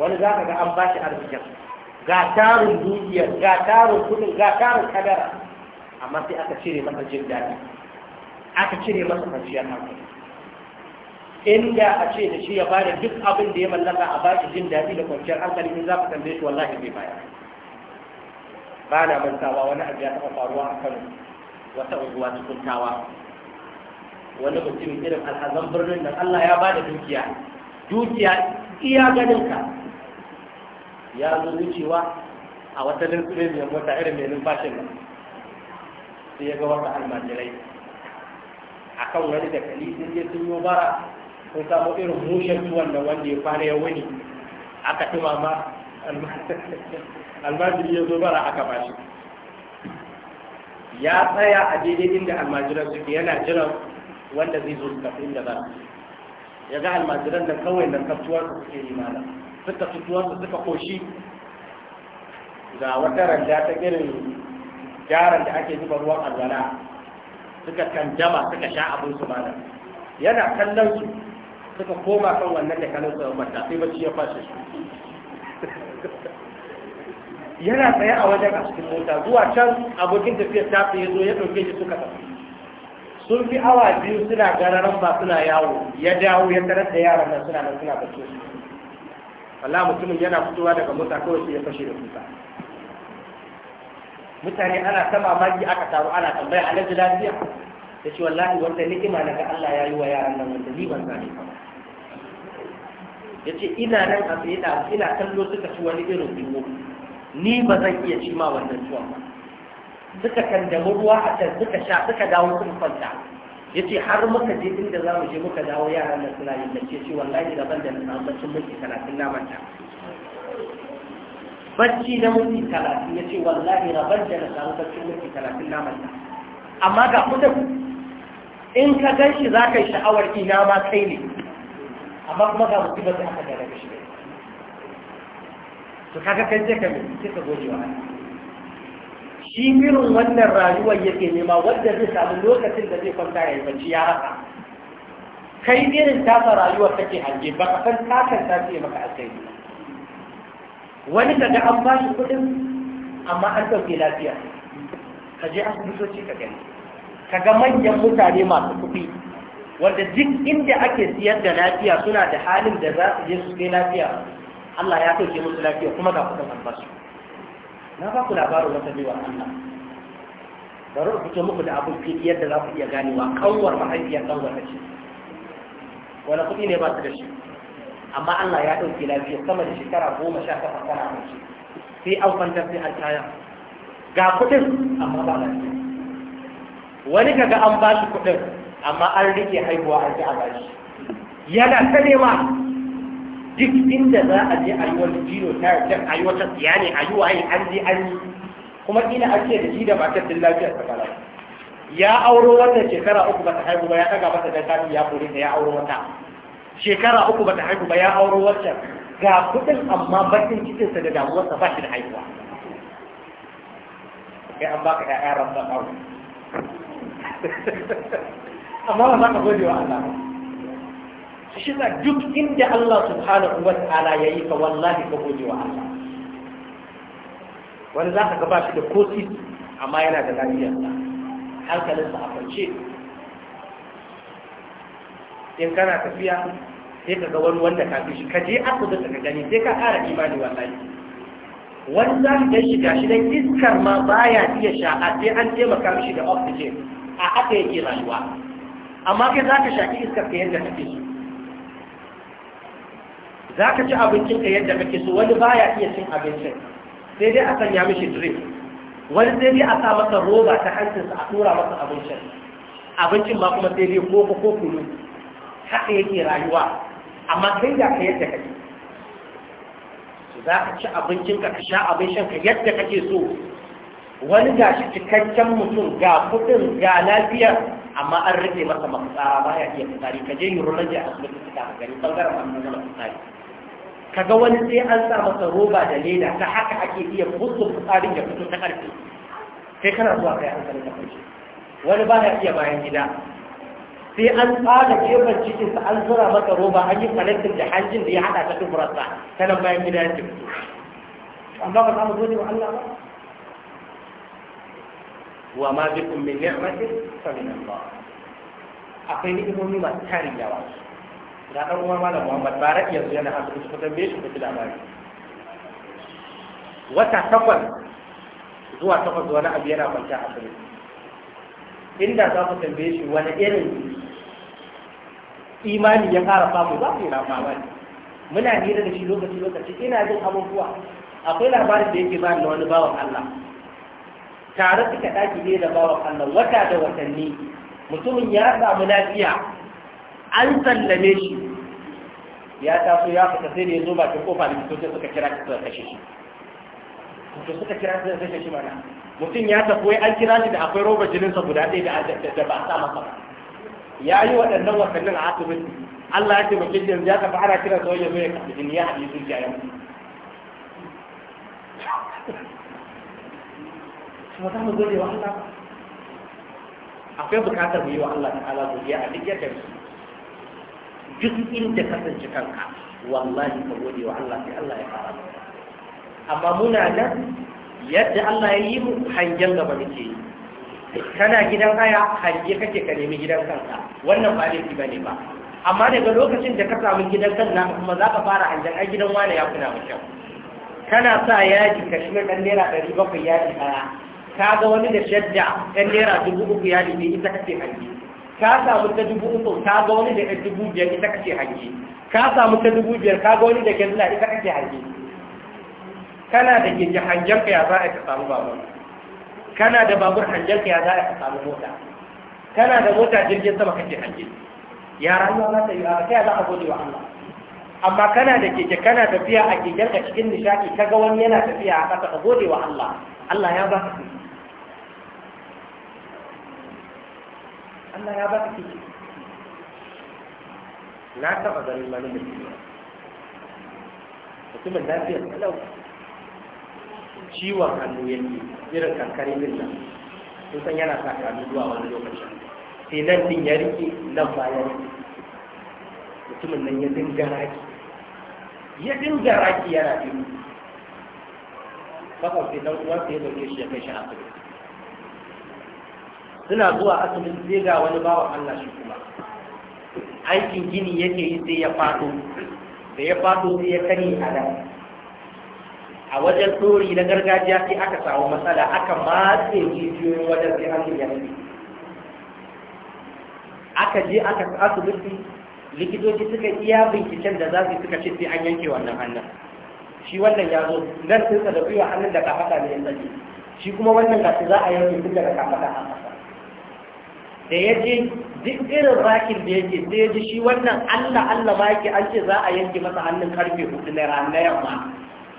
wani za ka ga an bashi arzikin ga tarin dukiyar ga tarin kudin ga tarin kadara amma sai aka cire masa jin daɗi aka cire masa kwanciyar hankali inda a ce da shi ya bada duk abin da ya mallaka a baki jin daɗi da kwanciyar hankali in za ka tambaye shi wallahi bai baya. ba na mantawa wani abu ya taɓa faruwa a kano wata unguwa tawa wani mutum irin alhazan birnin nan Allah ya bada dukiya dukiya iya ganin ka ya zo wucewa a wata lintsirin mai mota irin mai numfashin nan sai ya ga wata almajirai a kan wani da kali sun je sun yi bara kun samu irin mushen tuwon da wanda ya fara ya wuni aka dumama almajiri ya zo bara aka bashi ya tsaya a daidai inda almajiran suke yana jiran wanda zai zo su tafi inda za ya ga almajiran da kawai nan kaftuwar su suke yi mana suka fituwar su suka koshi ga wata randa ta irin gyaran da ake zuba ruwan alwala suka kanjama suka sha abin su mana yana kallon su suka koma kan wannan dakalin su mata sai bacci ya fashe su yana tsaye a wajen a cikin mota zuwa can abokin tafiyar ta ya zo ya ɗauke shi suka tafi sun fi awa biyu suna gararan ba suna yawo ya dawo ya tarar da yaran nan suna nan suna bacci Allah mutumin yana fitowa daga mota kawai sai ya fashe da kuka mutane ana ta mamaki aka taru ana tambaya alhaji lafiya ta ce wallahi wanda ni'ima na ga Allah ya yi wa yaran nan wanda ni ban zane ba ya ce ina nan a tsaye da ina kallo suka ci wani irin ruwa ni ba zan iya ci ma wannan tuwon ba suka kandamu ruwa a can suka sha suka dawo sun kwanta ya ce har muka je inda za mu je muka dawo yaran nan suna yin bacci ce wallahi daban da na baccin mulki talatin na manta bacci na mutum talatin ya ce wallahi rabar da na samu baccin mutum talatin na manta amma ga kudin in ka gan shi za ka yi sha'awar ina ma kai ne amma kuma ga musibar da aka da shi to kaga kai sai ka mai sai ka goje wa shi mirin wannan rayuwar yake nema wanda zai samu lokacin da zai kwanta ya yi bacci ya haka kai irin taka rayuwar kake hange ba ka san takan ta fiye maka alkhairi wani kaga an ba shi kuɗin amma an ɗauke lafiya ka je asibitoci ka gani kaga manyan mutane masu kuɗi wanda duk inda ake siyar da lafiya suna da halin da za su je su kai lafiya Allah ya sauke musu lafiya kuma ga kuɗin albasu na ba ku labarin wata baiwa Allah bari ku fito muku da abin fiye yadda za ku iya ganewa kanwar mahaifiyar kanwar ta ce wani kuɗi ne ba su da shi amma Allah ya ɗauke lafiya sama da shekara goma sha takwas tana mace sai an kwantar sai an taya ga kuɗin amma ba lafiya wani kaga an ba shi kuɗin amma an rike haihuwa an ji a bashi yana ta nema duk inda za a je a yi wani jiro ta yi a yi wata tsiya ne a yi waye an je an yi kuma ina an ce da shi da matar sun lafiyar ta fara ya auro wannan shekara uku ba ta haihu ba ya daga mata da kafin ya kore da ya auro wata shekara uku ba ta haihu ba ya auro wata ga kudin amma bakin cikinsa da damuwarsa ba shi da haihuwa kai an baka ƴaƴa ran ba amma ba za ka gode wa Allah ba shi na duk inda Allah subhanahu wa ta'ala ya yi ka wallahi ka gode wa Allah wani za ka ga shi da kosi amma yana da lafiyar hankalinsa a kwance in kana tafiya sai ka ga wani wanda kafin shi ka je asibiti ka gani sai ka ƙara imani wallahi wani za ka gan shi shi dan iskar ma baya iya sha'a sai an taimaka mishi da oxygen a haka yake rayuwa amma kai za ka shaƙi iskar ka yadda kake so za ka ci abincin ka yadda kake so wani baya iya cin abincin sai dai a ya mishi drink wani sai dai a sa masa roba ta sa a tura masa abincin abincin ma kuma sai dai koko ko kunu haka yake rayuwa amma kai ya ka yadda kake za ka ci ka ka sha abincin ka yadda kake so wani gashi cikakken mutum ga kudin ga lafiyar amma an rike masa mafitsara ya iya fitsari ka je urology a asibiti ta a gani bangaren wannan na Ka ga wani sai an sa masa roba da leda ta haka ake iya busu fitsarin ya fito ta karfe sai kana zuwa kai an sanar da kanshi wani ba ya iya bayan gida sai an tsara gefen cikinsa an zura masa roba an yi connecting da hanjin da ya hada ta duburarsa ta nan bayan gida ya fito amma ba za mu zo ne wa Allah ba wa ma bikum min ni'matin fa min Allah akwai ni'imomi masu tarin yawa da dan uwa malam Muhammad Barak yanzu yana su kusan bai shi kuci labari wata takwas zuwa takwas wani abu yana kwanta a asibiti inda za ku tambaye shi wani irin imani ya fara samu za ku yi mamaki muna hira da shi lokaci lokaci ina jin abubuwa akwai labarin da yake ba na wani bawan Allah tare suka ɗaki ne da bawa Allah wata da watanni mutumin ya samu lafiya an sallame shi ya taso ya fita sai da ya zo ba bakin kofa da fitocin suka kira su suka kashe shi to suka kira su suka kashe shi mana mutum ya tafi an kira shi da akwai roba jininsa guda ɗaya da ba a sa masa ba ya yi waɗannan watannin a asibiti Allah ya taimake shi yanzu ya tafi ana kiran sa wajen zo ya kashe jini ya haɗe zuciya ya ba za mu gode wa Allah ba akwai bukatar mu yi wa Allah ala godiya a duk yadda mu duk inda ka kasance kanka wallahi ka gode wa Allah sai Allah ya fara amma muna nan yadda Allah ya yi mu hangen gaba muke yi kana gidan haya hange kake ka nemi gidan kanka wannan ba laifi ba ne ba amma daga lokacin da ka samu gidan kanka kuma za ka fara hangen ai gidan wani ya kuna mu kyau kana sa yaji ka shiga dan naira ɗari bakwai yaji ɗaya ka ga wani da shadda ɗan naira dubu uku ya dame ita kace hanji ka samu ta dubu uku ka ga wani da ɗan dubu biyar ita kace hanji ka samu ta dubu biyar ka ga wani da kyanzula ita kace hanji kana da gindi hanjar ka ya za a ka samu babur kana da babur hanjar ka ya za a ka samu mota kana da mota jirgin sama kace hanji ya rayuwa na ta yi a kai za a gode wa Allah amma kana da keke kana tafiya a kekenka cikin nishaɗi kaga wani yana tafiya a ƙasa ka gode wa Allah Allah ya baka kuɗi Allah ya ba baka ciki na taɓa ganin wani mutum mutumin lafiyar kalau ciwon hannu ya ke, irin kankare min nan sun san yana sa kanu zuwa wani lokacin sai nan din ya rike nan ba ya rike mutumin nan ya dinga raki ya dinga raki yana biyu kasan sai dan uwansa ya dauke shi ya kai shi asibiti suna zuwa asibiti sai ga wani bawa Allah shi kuma aikin gini yake yi sai ya fado da ya fado sai ya kani a nan a wajen tori na gargajiya sai aka samu matsala aka matse jijiyoyin wajen sai an ya aka je aka asibiti likitoci suka iya binciken da za su suka ce sai an yanke wannan hannun shi wannan ya zo nan sun sa da gwiwa hannun da kafaɗa ne yanzu. shi kuma wannan gashi za a yanke tun daga kafaɗa a ƙasa da ya ji duk irin rakin da yake sai ya ji shi wannan Allah Allah ba yake an ce za a yanke masa hannun karfe hudu na ranar yamma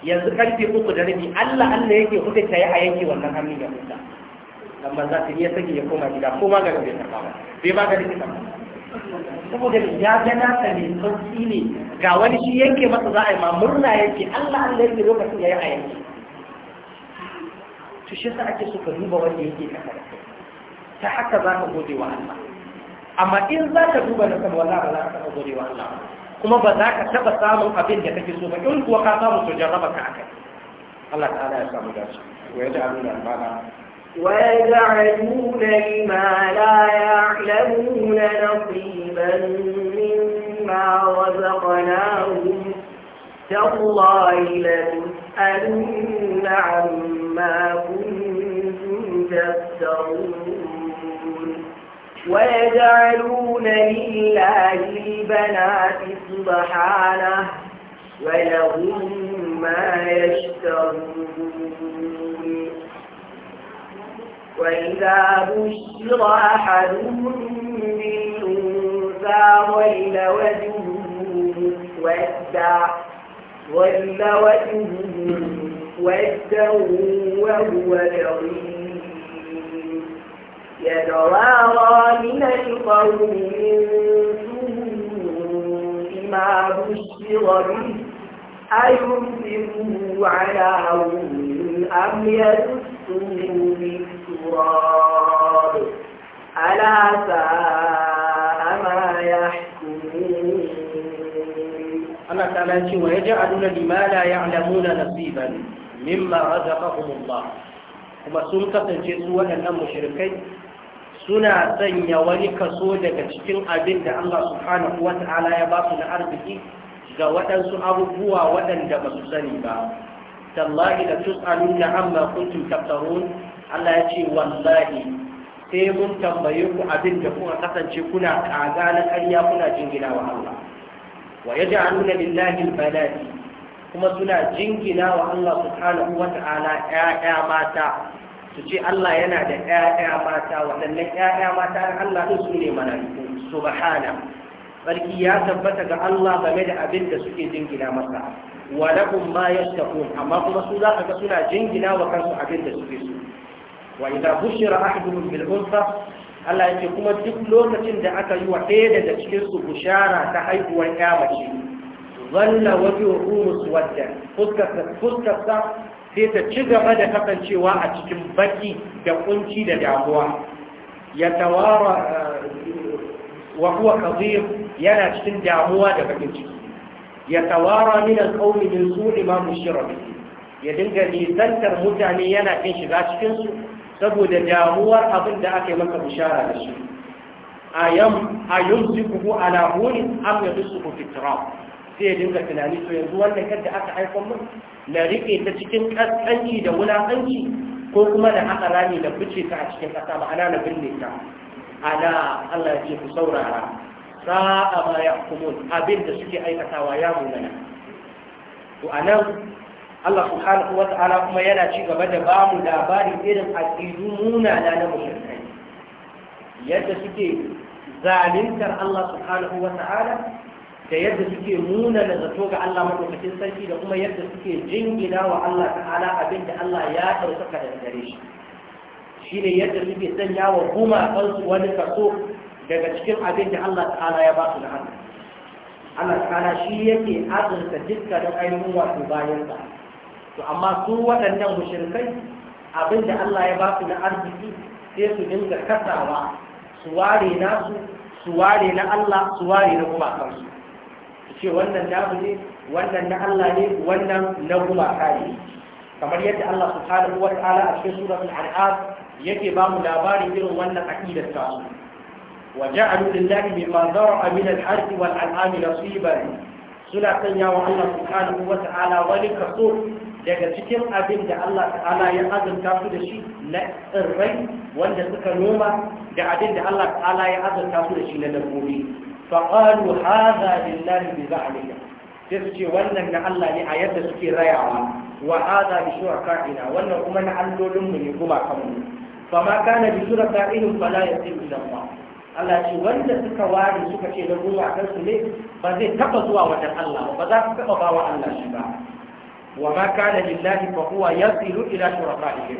yanzu karfe uku da rabi Allah Allah yake hudu ta yi a yanke wannan hannun ya huta dan manza ta ya sake ya koma gida ko maganin bai karba ba bai maganin bai karba saboda ya ga nasa ne sauki ne ga wani shi yanke masa za a yi ma murna yake Allah Allah yake lokacin ya yi a yanke to shi sa ake so ka duba wanda yake kasa da kai ta haka za ka gode wa Allah amma in za ka duba na kan wallahi ba za ka taɓa gode wa Allah kuma ba za ka taɓa samun abin da kake so ba in kuwa ka samu to jarraba ka akai Allah ta'ala ya samu dace wa ya ja'alu da albana ويجعلون لما لا يعلمون نصيبا مما رزقناهم تالله لتسألن عما كنتم تفترون ويجعلون لله البنات سبحانه ولهم ما يشترون وإذا بشر أحدهم بالأنثى ظل وجهه مسودا ظل وجهه مسودا وهو كظيم يتوارى من القوم من سوء ما بشر به أيمسكه على هون أم يدسه في التراب ألا ساء ما يحكمون الله تعالى ويجعلون لما لا يعلمون نصيبا مما رزقهم الله kuma sun kasance su waɗannan mushrikai suna sanya wani kaso daga cikin abin da Allah subhanahu ya ba su na arziki ga waɗansu abubuwa waɗanda ba su sani ba tallahi da tus'alun na amma kuntum taftarun Allah ya ce wallahi sai mun tambaye ku abin da kuka kasance kuna kaga na ƙarya kuna jingina wa Allah wa yaj'aluna lillahi al kuma suna jingina wa Allah subhanahu 'ya'ya mata su ce Allah yana da ƴaƴa mata waɗannan ƴaƴa mata na Allah ɗin su ne mala'iku subhana barki ya tabbata ga Allah game da abin da suke jingina masa wa lahum ma amma kuma su za ka ga suna jingina wa kansu abin da suke so wa idza bushira ahaduhum bil unsa Allah yake kuma duk lokacin da aka yi wa ɗaya daga cikin su bushara ta haihuwar ƴa mace zalla wajhuhu muswaddan fuskar fuskar sai ta ci gaba da kasancewa a cikin baki da kunci da damuwa ya tawara eh, wa huwa kadir yana cikin damuwa da bakin ciki ya tawara min alqawmi min su'i ma bushira ya dinga nisantar mutane yana kin shiga cikin su saboda damuwar abin da aka yi maka bishara da shi ayam ayumsikuhu ala hunin am yadsuhu fi tirab sai ya dinga tunani to yanzu wannan kadda aka haifar mun na rike ta cikin kaskanci da wulakanci ko kuma da haka rami da fice ta a cikin kasa ma'ana na binne ta ala Allah ya ce ku saurara sa'a ma yahkumun abin da suke aikatawa ya munana to anan Allah subhanahu wa ta'ala kuma yana ci gaba da ba mu labarin irin aqidu munana na mushrikai yadda suke zalintar Allah subhanahu wa ta'ala da yadda suke nuna da zato ga Allah madaukakin sarki da kuma yadda suke jingina wa Allah ta'ala abin da Allah ya ɗaukaka da gare shi shi ne yadda suke sanya wa gumakansu wani kaso daga cikin abin da Allah ta'ala ya ba su da hannu Allah ta'ala shi yake azurta dukkanin ainihin wato bayansa to amma su waɗannan mushrikai abin da Allah ya ba su na arziki sai su dinga kasawa su ware nasu su ware na Allah su ware na gumakansu ce wannan namu ne wannan na Allah ne wannan na gumaka ne kamar yadda Allah subhanahu wata'ala a cikin suratul an'am yake ba mu labarin irin wannan aqidar ta wa ja'alu lillahi mimma zara'a min al-ardi wal an'ami nasiban suna sanya wa Allah subhanahu wata'ala wani kaso daga cikin abin da Allah ta'ala ya azanta su da shi na tsirrai wanda suka noma da abin da Allah ta'ala ya azurta su da shi na dabbobi faƙalu haza lillahi bi za'alika sai su ce wannan na Allah ne a yadda suke rayawa wa haza bi shuraka'ina wannan kuma na allolin mu ne kuma Fa ma kana bi shuraka'ihim fala yasil ila Allah Allah ce wanda suka ware suka ce da ruwa kansu ne ba zai taba zuwa wajen Allah ba za su taba bawa Allah shi ba wa ma kana lillahi fa huwa yasilu ila shuraka'ihim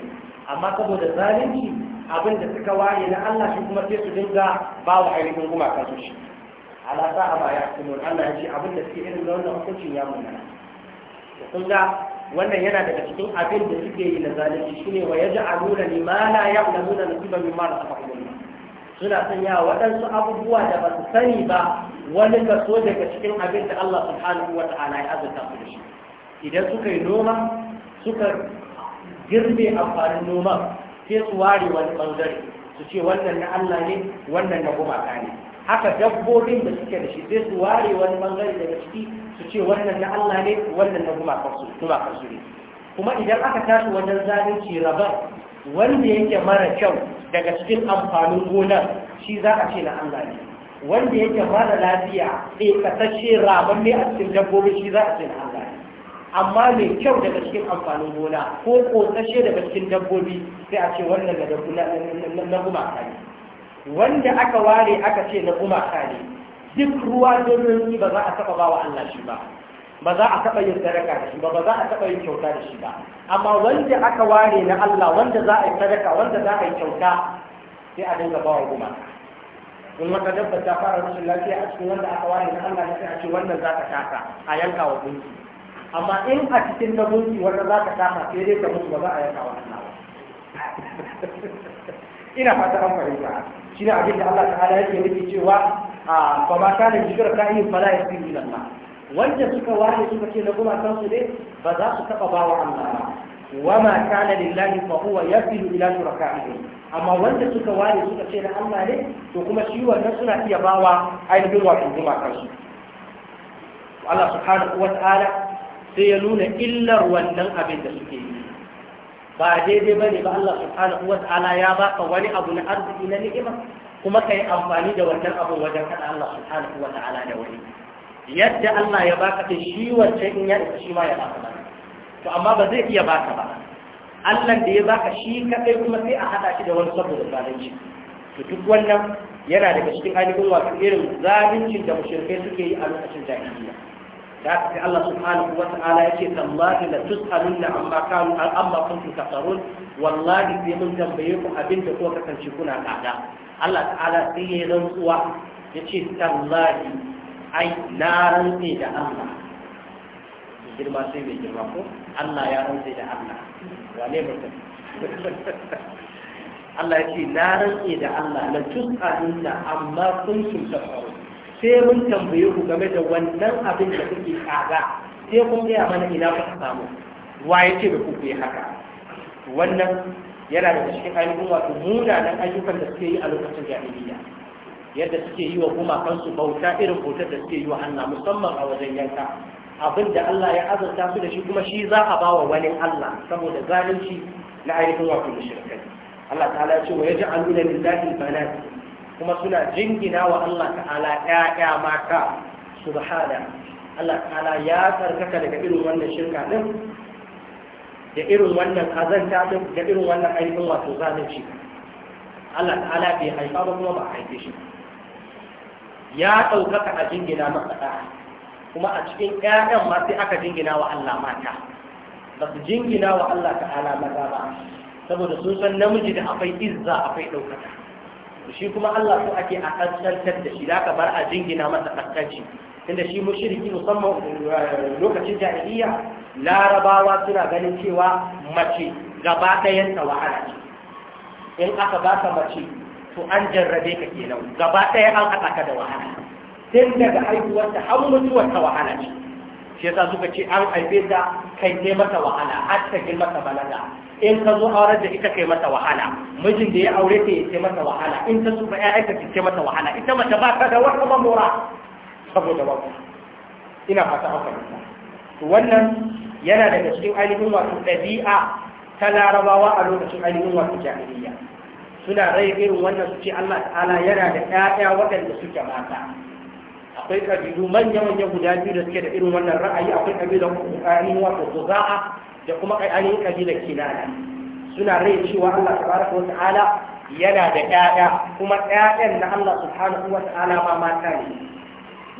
amma saboda zalunci abinda suka ware na Allah shi kuma sai su dinga bawa ainihin gumakansu shi ala sa'a ba ya kuma Allah ya ce abin da suke irin wannan hukuncin ya munana to kun ga wannan yana daga cikin abin da suke yi na zalunci shine wa yaj'aluna lima la ya'lamuna nasiban mimma rasaqahum suna sanya waɗansu abubuwa da ba su sani ba wani kaso daga cikin abin da Allah subhanahu wa ta'ala ya azurta su da shi idan suka yi noma suka girbe amfanin noma sai su ware wani bangare su ce wannan na Allah ne wannan na gumaka ne haka dabbobin da suke da shi sai su ware wani bangare daga ciki su ce wannan na Allah ne wannan na gumakarsu ne kuma idan aka tashi wannan zalunci rabar wanda yake mara kyau daga cikin amfanin gonar shi za a ce na Allah ne wanda yake mara lafiya tsekatashe rabar ne a cikin dabbobin shi za a ce na Allah ne amma mai kyau daga cikin amfanin gona ko kotashe daga cikin dabbobi sai a ce wannan na gumaka wanda aka ware aka ce na gumaka ne duk ruwa domin ba za a taɓa ba wa Allah shi ba ba za a taɓa yin sadaka da shi ba ba za a taɓa yin kyauta da shi ba amma wanda aka ware na Allah wanda za a yi sadaka wanda za a yi kyauta sai a dinga ba wa gumaka in wata dabba ta fara rashin lafiya a cikin wanda aka ware na Allah sai a ce wannan za ka taka a yanka wa gunki amma in a cikin na gunki wanda za ka taka sai dai ka mutu ba za a yanka wa Allah ba ina fata an fahimta shi ne abin da Allah ta'ala yake nufi cewa a ah, fa ma kana ta kahin fala ya fi ila Allah wanda suka waye suka ce na kuma kansu ne ba za su taba bawa Allah ba wa ma kana lillahi fa huwa yafilu ila shuraka'ihi amma wanda suka waye suka ce na Allah ne to kuma shi wannan suna iya bawa ainihin wato kuma kansu Allah subhanahu wa ta'ala sai ya nuna illar wannan abin da suke yi ba daidai ba ne ba Allah subhanahu wa ta'ala ya baka wani abu na arziki na ni'ima kuma ka yi amfani da wannan abu wajen kada Allah subhanahu wa ta'ala da wani yadda Allah ya baka ta shi wancan in ya isa shi ma ya baka ba to amma ba zai iya baka ba Allah da ya baka shi kadai kuma sai a hada shi da wani saboda zalunci to duk wannan yana daga cikin ainihin wasu irin zaluncin da mushrikai suke yi a lokacin jahiliya da aka ce Allah subhanahu wa ta'ala yake tallahi la da amma kanu amma kuntum tasarun wallahi sai mun tambaye ku abin da kuka kasance kuna kada Allah ta'ala sai ya rantsuwa yace tallahi ai na rantsi da Allah girma sai mai girma ko Allah ya rantsi da Allah wane mutum Allah ya ce na rantsi da Allah la tus'alunna amma kun kuntum tasarun sai mun tambaye ku game da wannan abin da kuke kaga sai kun gaya mana ina kuka samu wa ya ce da ku yi haka wannan yana da cikin ainihin wato munanan ayyukan da suke yi a lokacin jahiliya yadda suke yi wa gumakansu bauta irin bautar da suke yi wa Allah musamman a wajen yanka abin da Allah ya azurta su da shi kuma shi za a bawa wani Allah saboda zalunci na ainihin wato mushrikai Allah ta'ala ya ce wa yaj'aluna lillahi banat kuma suna jingina wa Allah ta'ala ƴaƴa mata subhana Allah ta'ala ya tsarkaka daga irin wannan shirka din da irin wannan azanta din da irin wannan aikin wato zalunci Allah ta'ala bai haifa ba kuma ba haife shi ya ɗaukaka a jingina masa ɗaya kuma a cikin ƴaƴan ma sai aka jingina wa Allah mata ba su jingina wa Allah ta'ala maza ba saboda sun san namiji da akwai izza akwai ɗaukaka shi kuma Allah su ake a kaskantar da shi zaka bar a jingina masa kaskanci Inda shi mushriki musamman eh, lokacin jahiliya larabawa suna ganin cewa mace gaba ɗayan ta wahala ce in aka ba ka mace to an jarrabe ka kenan gaba ɗaya an haɗa ka da wahala tun daga haihuwarta har mutuwar ta wahala ce shi yasa suka ce an haife ta kai ne mata wahala har ta girma ta balaga in ka zo auren da ita kai mata wahala mijin da ya aure ta ya mata wahala in ta tsufa ƴaƴanka ta ce mata wahala ita mace ba ta da wata mamora saboda ba ina fata haka wannan yana daga cikin ainihin wato ɗabi'a ta larabawa a lokacin ainihin wato jahiliya suna rai irin wannan su ce Allah ta'ala yana da ƴaƴa waɗanda suke mata akwai ƙabilu manya-manya guda biyu da suke da irin wannan ra'ayi akwai ƙabilan eh, ainihin wato zuza'a da kuma ainihin kabilar kinana suna rai cewa Allah tabaraka wa ta'ala yana da ƴaƴa kuma ƴaƴan na Allah subhanahu wa ta'ala ma mata ne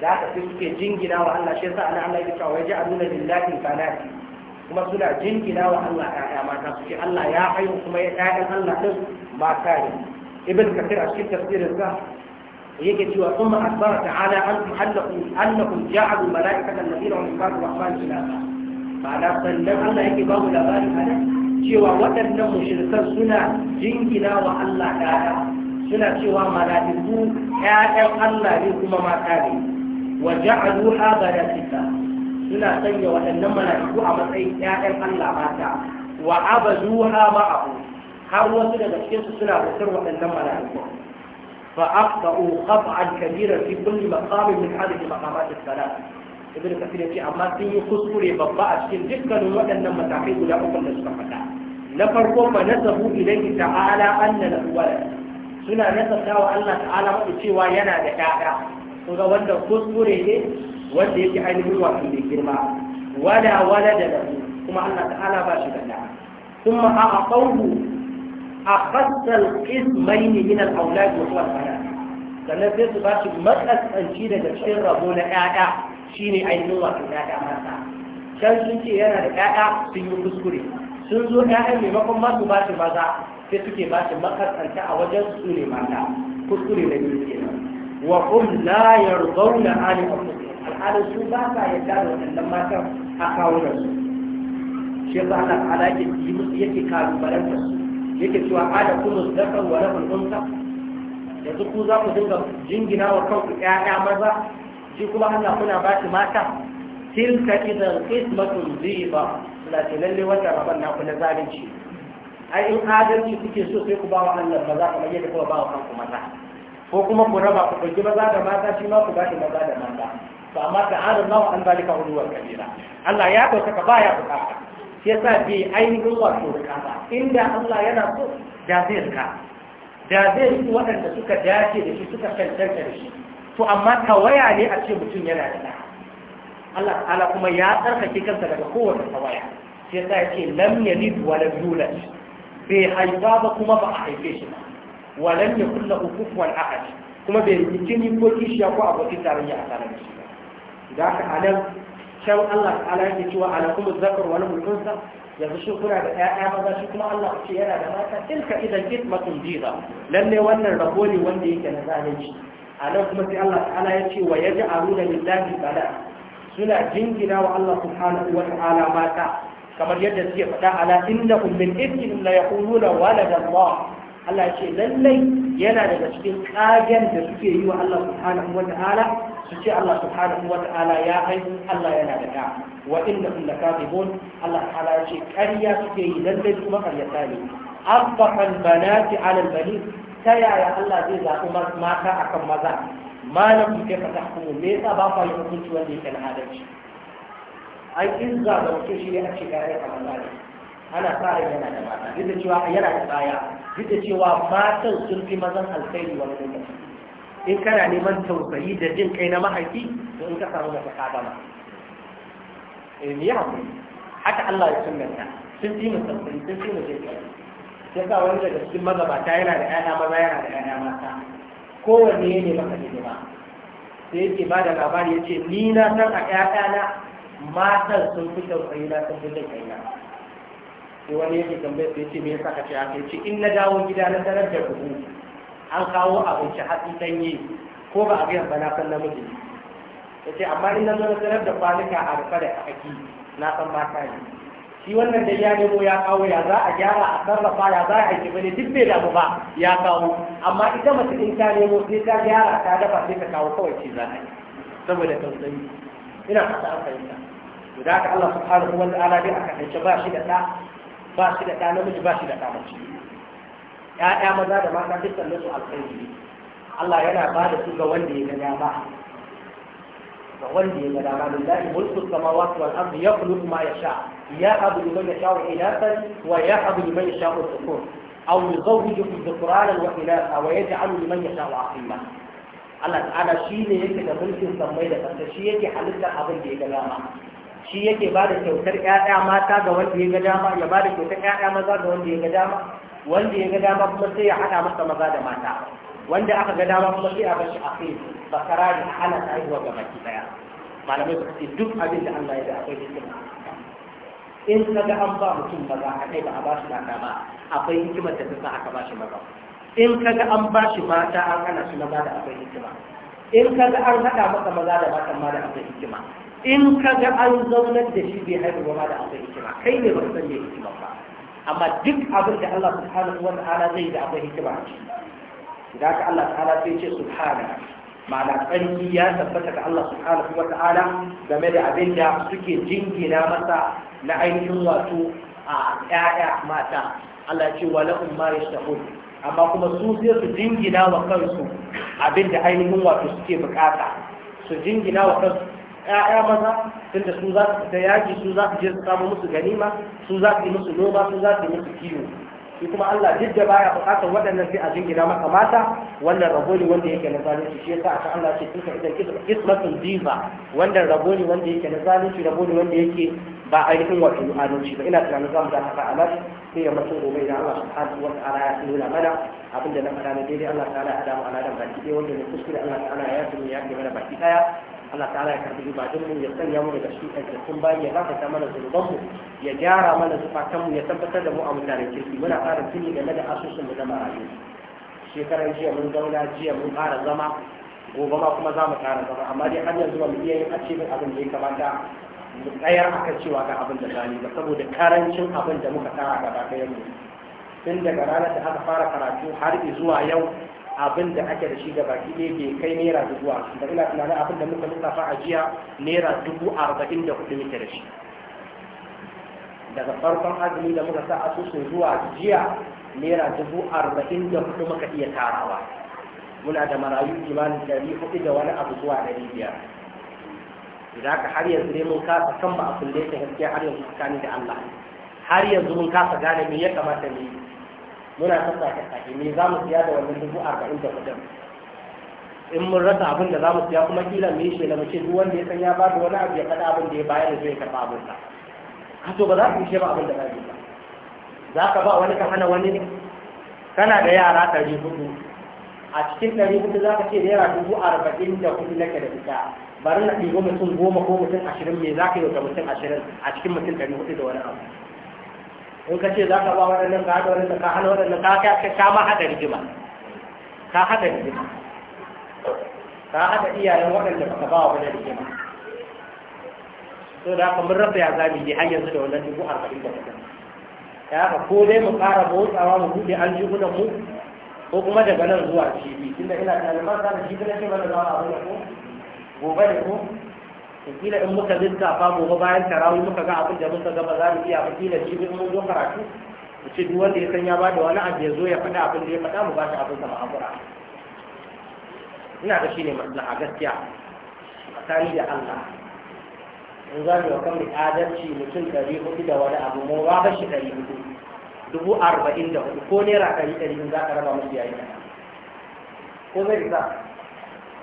da aka fi suke jingina wa Allah shi yasa Allah ya cewa waje aluna lillahi kanati kuma suna jingina wa Allah ƴaƴa mata suke Allah ya haihu kuma ƴaƴan Allah din mata ne ibn kathir a cikin tafsirin sa yake cewa kuma akbar ta'ala an tuhallakum annakum ja'alu malaikatan nabiyyin wa ibadu rahman ilaha ma'ana sannan Allah yake ba mu labarin hada cewa waɗannan mushrikan suna jingina wa Allah ɗaya suna cewa mala'iku ƴaƴan Allah ne kuma mata ne wa ja'alu habaratika suna sanya waɗannan mala'iku a matsayin ƴaƴan Allah mata wa abaduha ma'ahu har wasu daga cikin su suna bautar waɗannan mala'iku fa aqta'u qat'an kabira fi kulli maqamin min hadhihi maqamat as-salat ibn kafir yace amma sun yi kuskure babba a cikin dukkanin waɗannan matakai guda uku da suka faɗa na farko fa nasabu ilayhi ta'ala anna lahu walad suna nasabta Allah ta'ala mu cewa yana da ƴaƴa to ga wanda kuskure ne wanda yake ainihin wato da girma wala walada lahu kuma Allah ta'ala ba shi da ɗa ثم أعطوه أخص القسمين من الأولاد وهو البنات sannan sai su ba shi matsatsanci daga cikin rabo na ƴaƴa. Shi ne zuwa ainihin ya dama mata can sun ce yana da ƴaƴa sun yi kuskure sun zo ƴaƴan maimakon masu ba shi maza sai suke ba shi makasanta a wajen su ne mata kuskure da biyu nan. wa hum la yarzauna ali anfusihim alhalin su ba sa yadda da waɗannan matan a kawunan su shi ba na ta'ala ke yi musu yake kalubalanta su yake cewa ala su dafa wa rafin al yanzu ku za ku dinga jingina wa kanku ƴaƴa maza shi kuma hanya kuna ba shi mata tilka idan qismatun Suna la lalle wata rabon na kula zalunci ai in adalci kuke so sai ku ba wa Allah maza kamar yadda kuma ba wa kanku maza ko kuma ku raba ku ɗauki maza da mata shi ma ku ba shi maza da mata to amma da an nawa an zalika uluwar kabila Allah ya saka ba ya bukata shi sa bai ainihin wato bukata inda Allah yana so da zai rika da zai waɗanda suka dace da shi suka cancanta da shi to amma tawaya ne a ce mutum yana da ɗa Allah ta'ala kuma ya tsarkake kansa daga kowace tawaya sai ta ce lam yalid wa lam yulad bai haifa ba kuma ba a haife shi ba wa lam yakul lahu kufuwan ahad kuma bai yi kini ko kishiya ko abokin tarayya a tare da shi ba da haka anan can Allah ta'ala yake cewa alakum zakar wa lam unsa yanzu shi kuna da ƴaƴa maza shi kuma Allah ce yana da mata tilka idan kitmatun jiza lalle wannan rabo ne wanda yake na zalunci a nan kuma sai Allah ta'ala ya ce wa ya ji aruna lillahi tsada suna jingina wa Allah subhanahu wa ta'ala mata kamar yadda suke faɗa ala innahum min ibnihim la yaquluna walada Allah Allah ya ce lallai yana daga cikin kagen da suke yi wa Allah subhanahu wa ta'ala su ce Allah subhanahu wa ta'ala ya kai Allah yana da da wa innahum lakadibun Allah ta'ala ya ce ƙarya suke yi lallai kuma ƙaryata ne أصبح البنات على البنين ta yaya Allah zai zaɓi mata akan maza malakum ke fata hukumu me yasa ba ku yi hukunci wanda yake na adalci an izza da mutum shi ne a ce kai a mata ana sa ran yana da mata duk da cewa yana da baya duk da cewa matan sun fi mazan alkhairi wani lokaci in kana neman tausayi da jin kai na mahaifi to in ka samu da ka gama eh yi ya haka Allah ya sunnanta sun fi mu tausayi sun fi mu jin kai sai ka wani daga cikin ta yana da ƴaƴa maza yana da ƴaƴa mata kowanne ya ne maka hidima sai yake ba da labari ya ce ni na san a ƴaƴana matan sun fi tausayi na sun fi tausayi na sai wani yake tambayar sai ce me yasa ka ce haka ya ce in na dawo gida na tarar da buhu an kawo abinci hatsi yi, ko ba a biyan ba na san namiji ya ce amma in na zo na tarar da kwanuka a rufe da kakaki na san mata ne shi wannan da ya nemo ya kawo ya za a gyara a sarrafa ya za a aiki bane duk bai damu ba ya kawo amma ita mace in ta nemo sai ta gyara ta dafa sai ta kawo kawai ce za a yi saboda tausayi ina fata an fahimta to da haka Allah subhanahu wa ta'ala dai aka kace ba shi da ta ba shi da ta namiji ba shi da ta mace Ya'ya maza da mata duk sannan su alkhairi Allah yana ba da su ga wanda ya ga dama ga wanda ya ga dama lillahi mulku samawati wal ardi yakhluqu ma yasha' يهب لمن يشاء إناثا ويهب لمن يشاء الذكور أو يزوجهم ذكرانا وإناثا ويجعل لمن يشاء عقيما Allah ta'ala shi ne yake da mulkin sammai da ƙasa shi yake halittar abin da ya ga dama shi yake ba da kyautar ƴaƴa mata ga wanda ya ga dama ya ba da kyautar ƴaƴa maza ga wanda ya ga dama wanda ya ga dama kuma sai ya haɗa masa maza da mata wanda aka ga dama kuma sai a bar shi a kai bakara da hana haihuwa ga baki ɗaya malamai suka ce duk abin da Allah ya da akwai hikima in ka ga an ba mutum maza a kai ba a ba shi mata ba akwai hikimar da ta aka ba shi maza in ka ga an ba shi mata an hana shi maza da akwai hikima in ka ga an haɗa masa maza da matan ma da akwai hikima in ka ga an zaunar da shi bai haihu ba ma da akwai hikima kai ne ba san me hikima ba amma duk abin da Allah subhanahu wa ta'ala zai da akwai hikima a ciki da haka Allah ta'ala sai ce subhanahu ma'ana tsarki ya tabbata ga Allah subhanahu wa ta'ala game da abin da suke jingina masa na ainihin wato a ƴaƴa mata Allah ya ce wa lahum ma yashtahun amma kuma su sai su jingina wa kansu abin da ainihin wato suke bukata su jingina wa kansu ƴaƴa maza tunda su za su ta yaƙi su za su je su samu musu ganima su za su yi musu noma su za su yi musu kiwo shi kuma Allah duk da baya bukatar waɗannan sai a jingina maka mata wannan rabo ne wanda yake na zalunci shi yasa aka Allah ce tilka idan kismatun diza wannan rabo ne wanda yake na zalunci rabo ne wanda yake ba ainihin wato adalci ba ina tunanin zamu da haka alas sai ya mutu gobe idan Allah subhanahu wa ta'ala ya nuna mana abin da na faɗa na daidai Allah ta'ala ya adamu aladan baki ɗaya wanda ne kuskure Allah ta'ala ya tuni ya ke mana baki ɗaya Allah ta'ala ya karbi ibadun mu ya sanya mu daga cikin kankin bayi ya gafarta mana zunuban mu ya gyara mana zufatan mu ya tabbatar da mu a mutane kirki muna ƙara tuni game da asusun mu na marayu shekaran jiya mun zauna jiya mun ƙara zama gobe ma kuma za mu ƙara zama amma dai har yanzu ba mu iya yin acibin abin da ya kamata mu tsayar akan cewa ga abin da zani ba saboda karancin abin da muka tara gaba ɗayan mu tun daga ranar da aka fara karatu har zuwa yau abin da ake da shi gabaki ɗaya bai kai naira dubu ashirin da ina tunanin abin da muka lissafa a jiya naira dubu arba'in da kuɗi muke da shi daga farkon azumi da muka sa asusun zuwa jiya naira dubu arba'in da kuɗi muka iya tarawa muna da marayu kimanin ɗari hudu da wani abu zuwa ɗari biyar idan ka har yanzu ne mun kasa kan ba a kulle ta gaskiya har yanzu tsakani da Allah har yanzu mun kasa gane me ya kamata mu muna sake sake me za mu siya da wannan dubu arba'in da kudin in mun rasa abin da za mu siya kuma kila me yi da mace ce duk wanda ya san ya ba da wani abu ya kada abin da ya bayar da zai karɓa abin sa ka to ba za ku ishe ba abin da za ku ba za ka ba wani ka hana wani ne kana da yara ɗari hudu a cikin ɗari hudu za ka ce naira dubu arba'in da na nake da ita bari na ɗigo mutum goma ko mutum ashirin me za ka yi wa mutum ashirin a cikin mutum ɗari hudu da wani abu in ka ce za ka ba waɗannan ka haɗa waɗannan ka hana waɗannan ka ka ka ma haɗa rigima ka haɗa rigima ka haɗa iyayen waɗanda ba ka ba wa wani rigima so da ka mun rasa ya zami ne har yanzu da wannan dubu arba'in da kuɗin ya haka ko dai mu ƙara motsawa mu buɗe aljihunan mu ko kuma daga nan zuwa cibi tunda ina tunanin ba shi da cibi na ce mana za a abin da ko gobe da ko kila in muka lissafa gobe bayan tarawih muka ga abin da muka ba za mu iya ba kila shi in mun zo karatu mu ce duk wanda ya san ya ba da wani abu ya zo ya faɗa abin da ya faɗa mu ba shi abin da ma'amura ina da shi ne a gaskiya tsakani da Allah in za mu kan adalci mutum ɗari hudu da wani abu mu ba ba shi ɗari hudu dubu arba'in da hudu ko naira ɗari ɗari in za ka raba mu yayi ko zai isa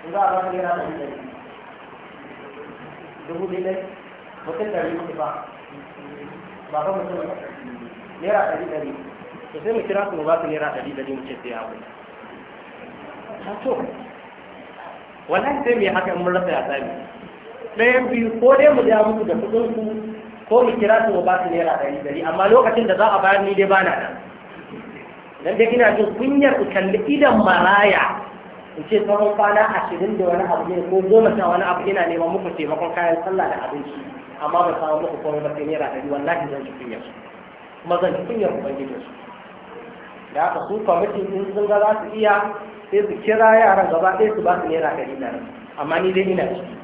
in za a ba ka naira ɗari ɗari dubu ɗaya ɗari mutum ɗari mutu ba ba ba mutum naira ɗari ɗari to sai mu kira su mu ba su naira ɗari ɗari mu ce sai ya wuri to wallahi sai mu yi haka in mun rasa ya sami ɗayan biyu ko dai mu ja musu da kuɗin ku ko mu kira su mu ba su naira ɗari ɗari amma lokacin da za a bayar ni dai ba na nan dan dai ina jin kunyar ku kalli idan maraya in ce tsawon kwana ashirin da wani abu ne ko goma sha wani abu ina neman muku taimakon kayan sallah da abinci amma ban samu muku komai ba sai naira ɗari wallahi zan ci kunyar su kuma zan ji kunyar ubangijin su da aka su kwamitin in sun ga za su iya sai su kira yaran gaba ɗaya su ba su naira ɗari na amma ni dai ina ciki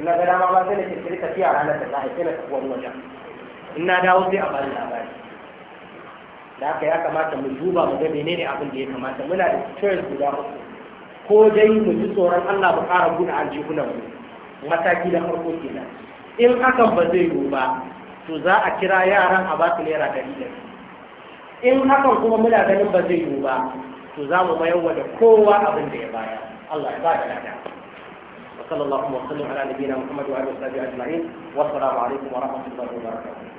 ina ga dama ba sai na kirkiri tafiya ranar da za a yi sai na tafi wani wajen ina dawo sai a bani labari da haka ya kamata mu duba mu ga menene abin da ya kamata muna da choice guda uku ko dai mu ji tsoron Allah mu ƙara buɗe aljihunan mu mataki da farko kenan in hakan ba zai yiwu ba to za a kira yaran a ba su naira ɗari in hakan kuma muna ganin ba zai yiwu ba to za mu mayar wa da kowa abin da ya baya Allah ya ba da lada ala nabiyina muhammad wa alihi wa sahbihi ajma'in wa assalamu alaikum wa rahmatullahi wa barakatuh